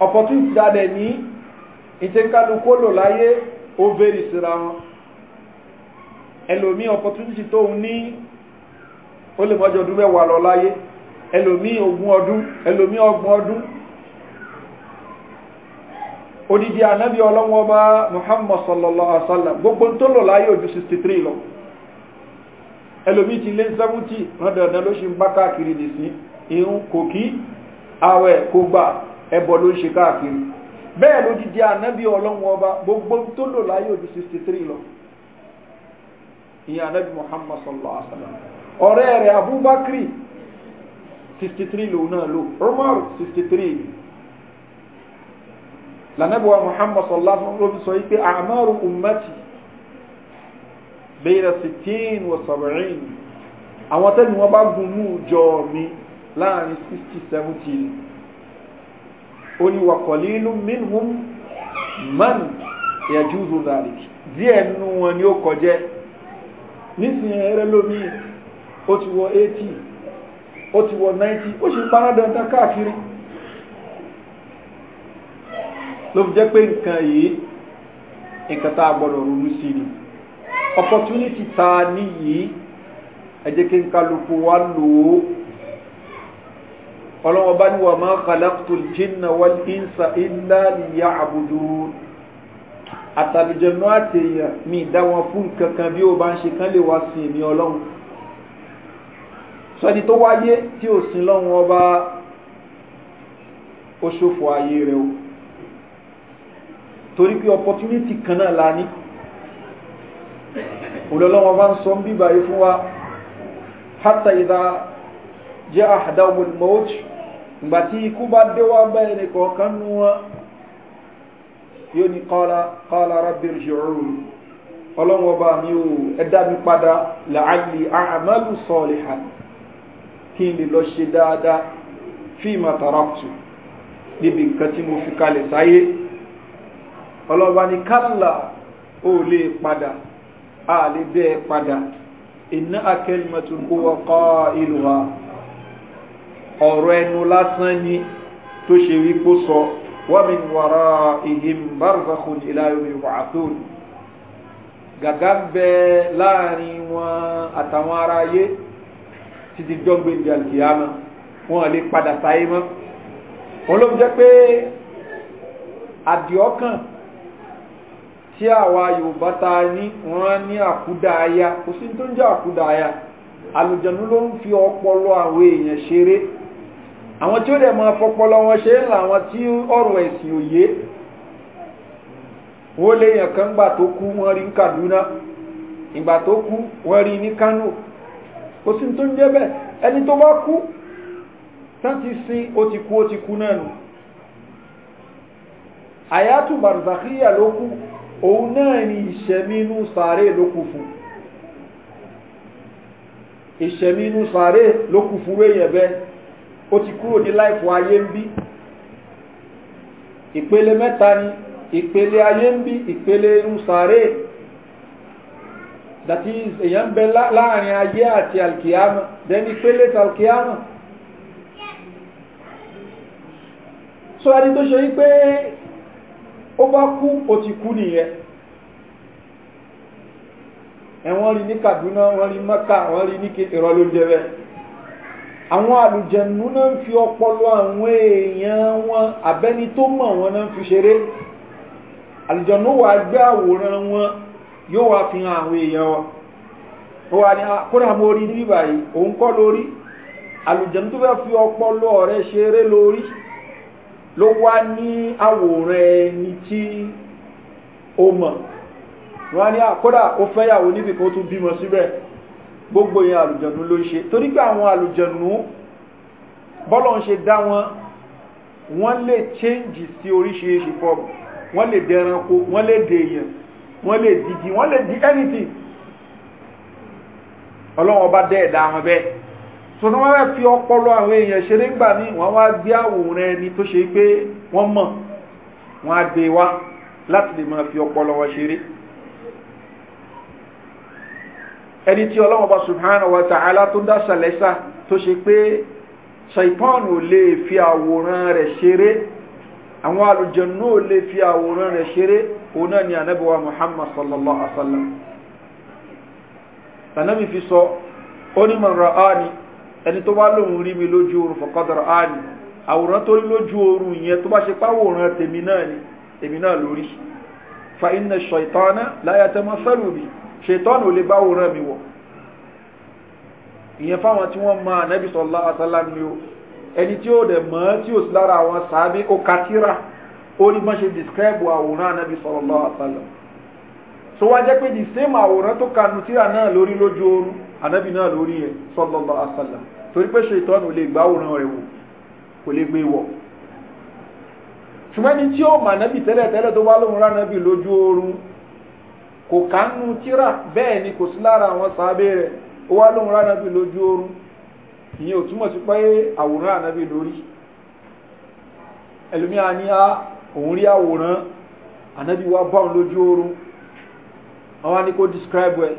ní ìtẹ́kálukú lò láyé ó bèrè síra wọn ẹlòmí opportunity tó ń ní ó lè mọ́jọ ọdún mẹ́wàá lọ láyé ẹlòmí ogún ọdún ẹlòmí ọgbọ̀n ọdún odidi anabi ọlọ́wọ́ bá muhammad sallallahu alaihi wasallam gbogbo to lo laye oju 63 lo elomi ti lé 70 rọ́dọ̀ọ̀dọ̀ ló lo ń bá kiri nìsín ìhun kò kí àwẹ̀ kò gbà ẹbọ ló ń bẹ́ẹ̀ ló dìde ànábì ọlọ́run ọba gbogbo tó lò láyé ojú sixty three lọ ìyẹn ànábì muhammad sallallahu alaihi wa sallam ọ̀rẹ́ rẹ̀ abubakri sixty three lòun náà lò umar sixty three lànàbíwá muhammad sallallahu alaihi wa sallam ló fi sọ yìí pé àmàrù ummati bẹ́ẹ̀rẹ̀ sixteen wa sab'in àwọn tẹ́lẹ̀ wọn bá gun mú jọ mi láàrin sixty seventy. ó ní wàkọ̀lélú minhum man yajuzu dhalik díẹ̀ nínú wọn ni ó kọjẹ́ nísìnyẹn eré lomi o ti wọ 80 o ti wọ 90 o si pará dandan káàkiri ló fi jẹ́ pé nkan yìí nǹkan tá a ni opportunity taa ọlọ́wọ́ bá ní wà máa khalaqtul jinna wal insa illa liya'budun àtàlùjẹ̀nú àtẹ̀yà mi dá wọn fún kankan bí ó bá ń ṣe kán lè wá sí èmi ọlọ́run sọ́ni tó wáyé tí ò sin lọ́run ọba ó ṣòfò ayé rẹ̀ o torí pé opportunity kan náà la ní òlọ́lọ́wọ́ bá ń sọ ń bíbáyé fún wa hátà ìdá jẹ́ àdáwọn mọ́ọ̀tì ìgbà tí ikú bá dé wá bẹ́ẹ̀ ni kọ̀ọ̀kan nú wọn yóò ní kọ́lá rábì ṣòro ọlọ́wọ́ bá mi ò ẹ̀dá mi padà làálì àmàlù sọ̀lì hàn kí n lè lọ ṣe dáadáa fíìmà tàràtù níbi nǹkan tí mo fi kalẹ̀ sáyé ọlọ́ba ní kálà ó lè padà a lè bẹ́ẹ̀ padà iná akẹ́lìmọ̀tún kó wọ́n kọ́ ìlú wa ọ̀rọ̀ ẹnu lásán ni tó ṣe wí kó sọ wa min wara'ihim barzakhun ila yawmi yub'athun gàgá ń bẹ láàrin wọn àtàwọn ará ayé títí dọ́gbé ìdí àlùkìyàmá wọn lè padà sáyé mọ́ wọn jẹ́ pé àdìọ́kàn tí àwa yorùbá ta ní wọ́n ní àkúdàáyá kò sí tó ń jẹ́ àkúdàáyá àlùjànnú ló ń fi ọpọlọ àwọn èèyàn ṣeré àwọn tí ó dẹ̀ máa fọpọlọ wọn ṣe ń la àwọn tí ọ̀rọ̀ ẹ̀sìn òye wọ́n léèyàn kan gbà tó kú wọ́n rí ní Kaduna ìgbà tó kú wọ́n rí ní Kano kò sí tó ń jẹ́ bẹ́ẹ̀ ẹni tó bá kú láti sin ó ti kú ó ti kú náà nù àyàtù barzakhiya ló kú òun náà ni ìṣẹ̀mínú sàárè ló kú fún ìṣẹ̀mínú sàárè ló kú fún wéyẹ̀ bẹ́ẹ̀ ó ti kúrò ní láìfò ayé ń bí ìpele mẹ́ta ni ìpele ayé ń bí ìpele irú sàárè that is èyàn ń bẹ láàrin ayé àti alkiyama then ìpele alkiyama so ẹni tó ṣe wípé ó bá kú ó ti kú nìyẹn ẹ̀wọ̀n rí ní Kaduna wọ́n rí Mẹ́kà wọ́n rí ní kékeré bẹ́ẹ̀ àwọn àlùjẹ̀nù náà ń fi ọpọlọ àwọn èèyàn wọn àbẹ́ni tó mọ̀ wọn náà ń fi ṣeré àlùjẹ̀nù wà gbé àwòrán wọn yóò wá fi hàn àwọn èèyàn wọn ó wà ní ah, kódà mo rí níbí báyìí òun kọ́ lórí àlùjẹ̀nù tó fẹ́ fi ọpọlọ rẹ̀ ṣeré lórí ló wá ní àwòrán ẹni tí ó mọ̀ wọn ní ah, kódà ó fẹ́yàwó níbi kan tó bímọ síbẹ̀ gbogbo yẹn àlùjọ̀nù ló ṣe torí pé àwọn àlùjọ̀nù bọ́lọ̀ ń ṣe dá wọn wọ́n lè change sí oríṣiríṣi form wọ́n lè dẹranko wọ́n lè dèèyàn wọ́n lè dìgì wọ́n lè di anything ọlọ́wọ́n bá dẹ́ ẹ̀dá wọn bẹ́ẹ̀ so ní wọ́n fẹ́ fi ọpọlọ àwọn èèyàn ṣeré gbà ní wọ́n wá gbé àwòrán ẹni tó ṣe pé ẹni tí ọlọ́wọ́n bá subhanahu wa ta'ala tó dá sàlẹ́sà tó ṣe pé ṣaitan ò lè fi àwòrán rẹ̀ ṣeré àwọn alùjẹ̀nú ò lè fi àwòrán rẹ̀ ṣeré òun náà ni ànábíwá muhammad sallallahu alaihi wasallam tànábì fi sọ onímọ̀ràn áni ẹni tó bá lóun rí mi lójú oorun fọ̀kọ́dọ̀rọ̀ áni àwòrán tó rí lójú oorun yẹn tó bá ṣe páwòrán tèmi náà ni èmi náà lórí fa inna ṣaitana láyàtọ̀ mọ́ sẹ́lùmí ṣètọ́nù ò lè bá òran mi wọ̀ ìyẹn fáwọn tí wọ́n mọ ànábì sallallahu alaihi wasallam ni o ẹni tí ó dẹ̀ mọ́ tí ó sì lára àwọn sàábí ó katira ó ní bọ́n ṣe describe àwòrán ànábì sallallahu alaihi wasallam so wá jẹ́ pé the same àwòrán tó kanu tíra náà lórí lójú oorun ànábì náà lórí ẹ̀ sallallahu alaihi wasallam torí pé ṣètọ́nù ò lè gbá òran rẹ̀ wò kò lè gbé wọ̀ ṣùgbọ́n ẹni tí ó mọ̀ ànábì tẹ́lẹ̀ tẹ́lẹ̀ tó wá lóhun rá ànábì lójú oorun kò kánú tíra bẹ́ẹ̀ ni kò sí lára àwọn sàábẹ́ rẹ̀ ó wá lóhun ránàbí lójú oorun ìyẹn ò túmọ̀ sí pé àwòrán ànábì lórí ẹlòmíà ní á òun rí àwòrán ànábì wá bá òun lójú oorun wọn wá ní kó describe ẹ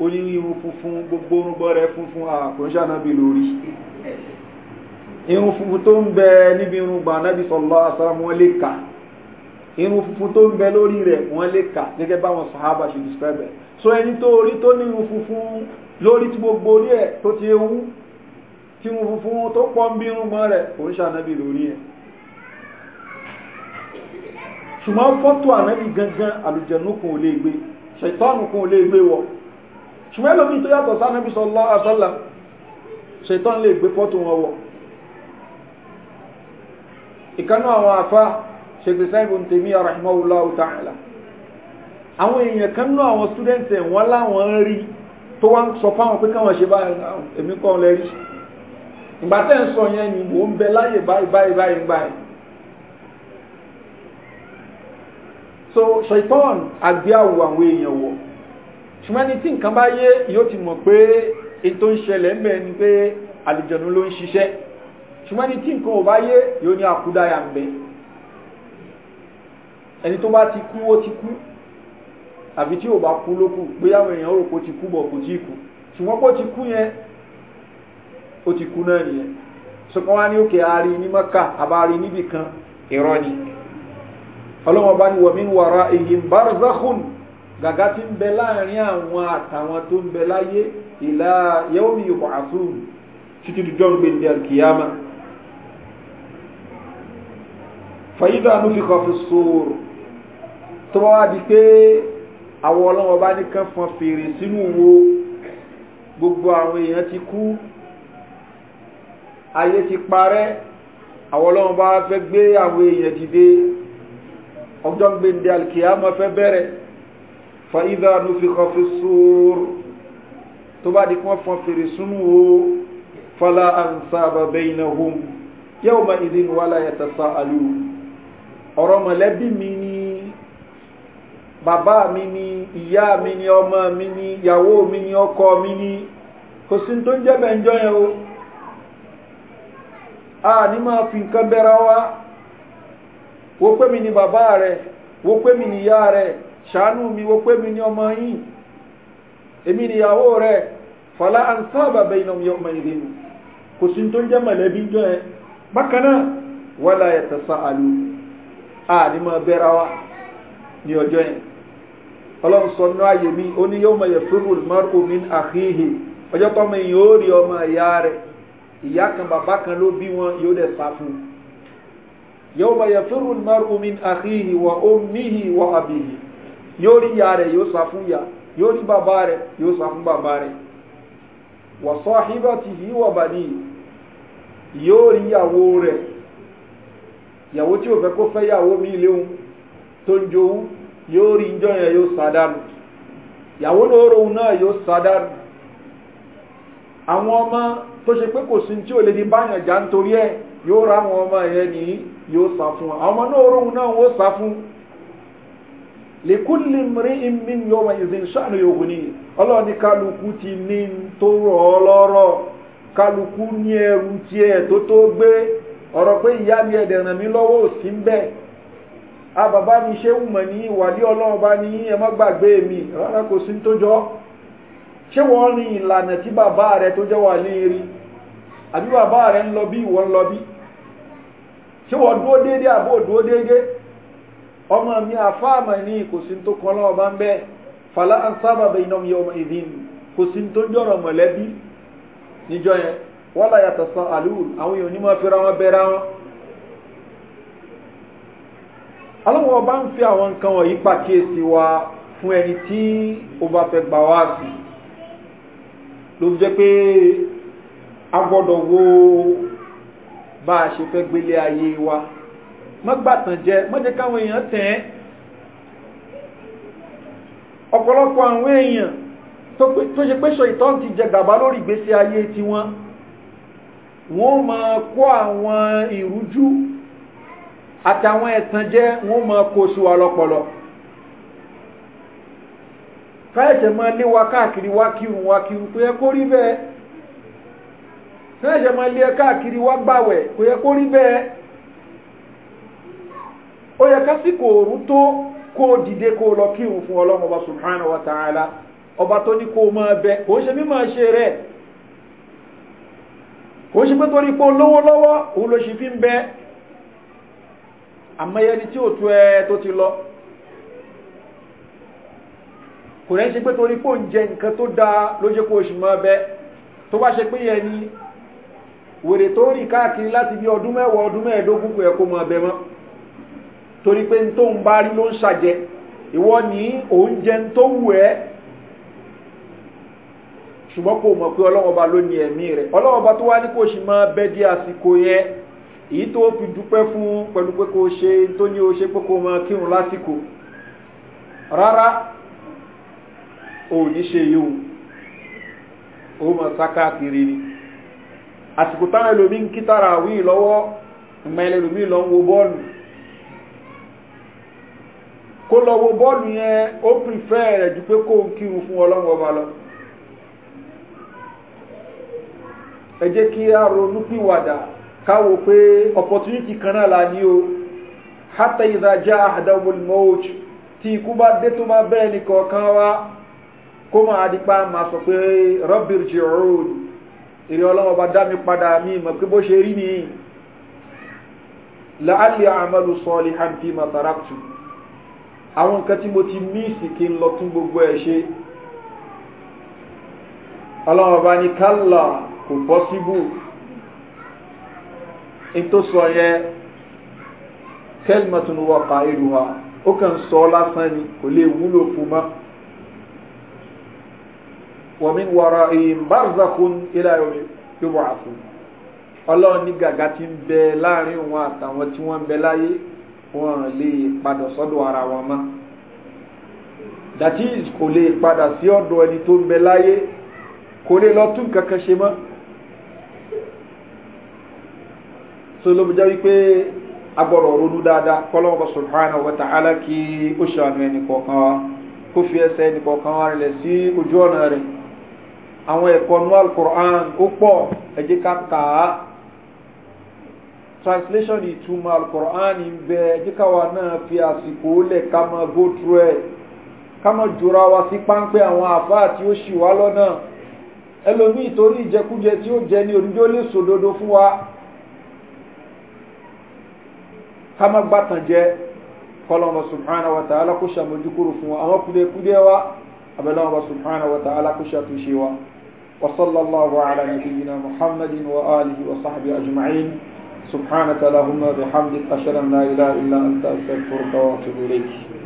ó ní irun funfun gbogbo orun bọ́ rẹ funfun àkùnṣe ànábì lórí irun funfun tó ń bẹ níbi irun gbà ànábì sọ̀lọ́ àsàmúlẹ́ka irun funfun tó ń bẹ lórí rẹ̀ wọ́n lè kà gẹ́gẹ́ báwọn sahaba ṣe describe ẹ̀ so ẹni tó orí tó ní irun funfun lórí tí gbogbo orí ẹ̀ tó ti ewu tí irun funfun tó pọ̀ ń bí irun mọ́ rẹ̀ kò ń ṣànábì lórí ẹ̀ ṣùgbọ́n fọ́tò ànábì gangan àlùjẹ̀nù kan ò lè gbé ṣètọ́nù kan ò lè gbé wọ̀ ṣùgbọ́n ẹlòmí tó yàtọ̀ sánàbí sọlọ́ àṣọ́là ṣètọ́n lè gbé fọ́tò wọn wọ̀ ìkanú àwọn àfáà ṣègbèsá ibùn tèmi rahimahullahu ta'ala àwọn èèyàn kan náà àwọn students ẹ̀ wọ́n láwọn rí tó wá ń sọ fáwọn pé káwọn ṣe báyìí èmi kọ́ lẹ rí ìgbà tẹ́ ń sọ yẹn ni mò ń bẹ láyè báyìí báyìí báyìí báyìí so ṣaitan àgbéyàwó àwọn èèyàn wọ̀ ṣùgbọ́n ní tí nǹkan bá yé yóò ti mọ̀ pé ètò ń ṣẹlẹ̀ ń bẹ ni pé àlìjọ̀nù ló ń ṣiṣẹ́ ṣùgbọ́n ní tí nǹkan ò bá yé yóò ní àkúdáyà ń bẹ ẹni tó bá ti kú ó ti kú àbí tí ò bá kú ló kù gbéyàwó èèyàn rò pé ó ti kú bọ̀ kò tí ì kú ṣùgbọ́n pé ó ti kú yẹn ó ti kú náà nìyẹn sọkàn wá ní òkè àárín ní mọ́kà àbárí níbì kan ìrọ́ ni ọlọ́wọ́n bá ní wọ̀mí wàrà èyí ń bá rọ́zákùn gàgá ti ń bẹ láàrin àwọn àtàwọn tó ń bẹ láyé ìlà yẹ́wọ́mí yòókù àtúrù títí dùjọ́ ń gbé ní alkiyama fàyídà nufikọ̀ fi sóòrò tó bá wá di pé àwọn ọlọ́wọ́ bá nìkan fọn fèrè sínú wo gbogbo àwọn èèyàn ti kú ayé ti parẹ́ àwọn ọlọ́wọ́ bá fẹ́ gbé àwọn èèyàn dìde ọjọ́ gbèndé alkiyama fẹ́ bẹ̀rẹ̀ fa ìdá nufikọ fi sóòrò tó bá di kí wọ́n fọn fèrè sínú wo fala ansaba bainahum yawma idhin wala yatasalu ọ̀rọ̀ mọ̀lẹ́bí mi ni bàbá mi ni ìyá mi ni ọmọ mi ni ìyàwó mi ni ọkọ mi ni kò sí tó ń jẹ́bẹ̀ ń jọyẹn o a ní máa fi nǹkan bẹ́ra wá wo pé mi ni bàbá rẹ̀ wo pé mi ni ìyá rẹ̀ ṣàánú mi wo pé mi ni ọmọ yìí èmi ni ìyàwó rẹ̀ fàlà à ń sábà bẹ́ẹ̀ iná mi ọmọ ìrìn kò sí tó ń jẹ́ mọ̀lẹ́bí jọyẹn bákan náà wàlá ẹ̀ tẹ̀sán àlù a ní máa bẹ́ra wá ní ọjọ́ yẹn ọlọ́run sọ nínú ààyè mi ó ní yóò mọ yẹ fúrúùl mọ́rùn mi àhíhì ọjọ́ tọ́mọ yìí ó rí ọmọ ìyá rẹ̀ ìyá kan bàbá kan ló bí wọn yóò dẹ̀ sá fún un yóò mọ yẹ fúrúùl mọ́rùn mi àhíhì wọ omihi wọ àbìhì yóò rí ìyá rẹ̀ yóò sá fún ìyá yóò rí bàbá rẹ̀ yóò sá fún bàbá rẹ̀ wọ sahibatihi wọ bani yóò rí ìyàwó rẹ̀ ìyàwó tí ò fẹ́ kó fẹ́ ìyàwó yóò rí njọ́ yẹn yóò sádánù ìyàwó náà rọrùn náà yóò sádánù àwọn ọmọ tó ṣe pé kò sí tí ò lè di báyàn já nítorí ẹ yóò rá àwọn ọmọ yẹn ní yóò sá fún àwọn ọmọ náà rọrùn náà wọ́n sá fún. lèkúlì mìíràn mi ń yọ ìdí ìṣàánú yòókù ni ọlọ́ọ̀ni kálukú ti ní tó rọ̀ ọ́ lọ́rọ̀ kálukú ní ẹrù tiẹ̀ tó tó gbé ọ̀rọ̀ pé ìyá mi ẹ̀dẹ̀ràn mi lọ́wọ́ òsínbẹ́ a bàbá mi ṣé ń mọ̀ ní ìwàdí ọlọ́run ní ẹ gbàgbé mi rárá kò sí tó jọ ṣé wọ́n rin ìlànà tí bàbá rẹ tó jẹ́ wà ní rí àbí bàbá rẹ ń lọ bí ìwọ lọ bí ṣé wọ́n dúó déédé àbó dúó déédé ọmọ mi àfáàmà ní kò sí tó kan lọ́wọ́ bá ń bẹ́ fàlà ń sábà bẹ iná mi ọmọ ìdí kò sí tó jọ̀rọ̀ mọ̀lẹ́bí níjọ yẹn wọ́n láyàtọ̀ sọ àlùú àwọn èèyàn ní máa fi wọn bẹ́ra wọn aláwọ̀ ọba ń fi àwọn nǹkan wọ̀nyí pàkíyèsí wa fún ẹni tí ó bá fẹ́ gbà wá sí ló fi jẹ́ pé a gbọ́dọ̀ wo bá a ṣe fẹ́ gbélé ayé wa mọ́gbàtàn jẹ́ mọ́jẹ́ káwọn èèyàn tẹ̀ ẹ́ ọ̀pọ̀lọpọ̀ àwọn èèyàn tó ṣe pé ṣòyìntàn ti jẹ gàba lórí ìgbésí ayé tiwọn wọ́n máa kó àwọn ìrújú àtàwọn ẹ̀tàn jẹ́ wọ́n máa kó sí wa lọ́pọlọ lé wa káàkiri wá kírun kiwu kò yẹ kó rí bẹ́ẹ̀ káyẹ̀sẹ̀ máa lé káàkiri wá gbàwẹ̀ kò yẹ kó rí bẹ́ẹ̀ ó yẹ kásìkò òru tó kó dìde kó lọ kírun fún ọlọ́run ọba subhanahu wa ta'ala ọba tó ní kó máa bẹ kò ń ṣe mí máa ṣe kò ń fi ń bẹ́ẹ̀. àmọ́yẹ ni tí ò tó ẹ tó ti lọ kò rẹ́ ṣe pé torí pò ń jẹ nǹkan tó dáa ló jẹ́ kó oṣù mọ́ ọbẹ̀ tó bá ṣe pé yẹn ni wèrè tó rìn káàkiri láti bí ọdún mẹ́wàá ọdún mẹ́ẹ̀ẹ́dógún kò yẹ kó mọ ọbẹ̀ mọ́ torí pé tó ń bá rí ló ń ṣàjẹ ìwọ ní oúnjẹ tó wù ẹ́ ṣùgbọ́n kò mọ̀ pé ọlọ́wọ́ba ló ní ẹ̀mí rẹ̀ ọlọ́wọ́ba tó wá ní kó ṣì mọ́ ọbẹ̀ di àsìkò yẹn èyí tó fi dúpẹ́ fún pẹ̀lú pé kò ṣe tó ní o ṣe pé kò máa kírun lásìkò rárá ṣe yóò ó ni àsìkò táwọn ẹlòmí ń kí tára lọ́wọ́ ìmọ̀ ẹlòmí lọ ń wo bọ́ọ̀lù kó lọ wo bọ́ọ̀lù yẹn ó pìfẹ́ rẹ̀ ju pé kó ń kírun fún ọlọ́run ọba lọ ẹ jẹ́ kí a ronú pìwàdà káwò pé opportunity kan náà la ní o hátà ìdájá àdáwòl mọ́ọ̀j tí ikú bá dé tó bá bẹ́ẹ̀ ní kọ̀ọ̀kan wá kó máa di pa máa sọ pé rọ́bìrì jì rúùn èrè ọlọ́wọ́ bá dá mi padà mí mọ̀ pé bó ṣe rí ni láàlì àmàlù sọ́ọ̀lì hàǹfì màtàràkùtù àwọn nǹkan tí mo ti míìsì kí n lọ tún gbogbo ẹ̀ ṣe ọlọ́wọ́ bá ní kálà kò bọ́ síbù ètò sọ yẹ kẹ́lìmọ̀tún wọ ọ̀pá ìlú wa ó kàn sọ lásán ni kò lè wúlò fún mọ́ wọ́n mi wọ̀rọ̀ èyìn bárzakun ilá yóò àfún ọlọ́run ní gàgá ti ń bẹ láàrin òun àtàwọn tí wọ́n ń bẹ wọn lè padà sọ́dọ̀ ara wọn mọ́ that is kò lè padà sí ọ̀dọ̀ ẹni tó ń bẹ láyé kò lè lọ tún kankan ṣe mọ́ so ló jẹ́ wípé agbọ́rọ̀ ronú dáadáa kọ́lọ́wọ́ subhanahu wa ta'ala kí ó ṣàánú ẹnì kọ̀ọ̀kan wa kó fi ẹsẹ̀ ẹnì kọ̀ọ̀kan wa rẹ̀ sí ojú ọ̀nà rẹ̀ àwọn ẹ̀kọ́ nu alukur'an ó pọ̀ ẹ jẹ́ ká kà á translation ìtumọ̀ alukur'an ń bẹ ẹ jẹ́ ká wa náà fi àsìkò lẹ̀ ká máa go through ẹ̀ ká máa jura wa sí páńpẹ́ àwọn àfáà tí ó ṣì lọ́nà ẹlòmíì torí ìjẹkújẹ tí ó jẹ ní onídó ká má gbàtàn jẹ kọlọ́mọ subhanahu wa ta'ala kó ṣàmójúkúrò fún wa àwọn kúdẹ́kúdẹ́ wa abẹ́lẹ́wọ̀n subhanahu wa ta'ala kó ṣàtúnṣe wa وصلى الله على نبينا محمد وآله وصحبه أجمعين سبحانك اللهم بحمدك أشهد أن لا إله إلا أنت أستغفرك وأتوب إليك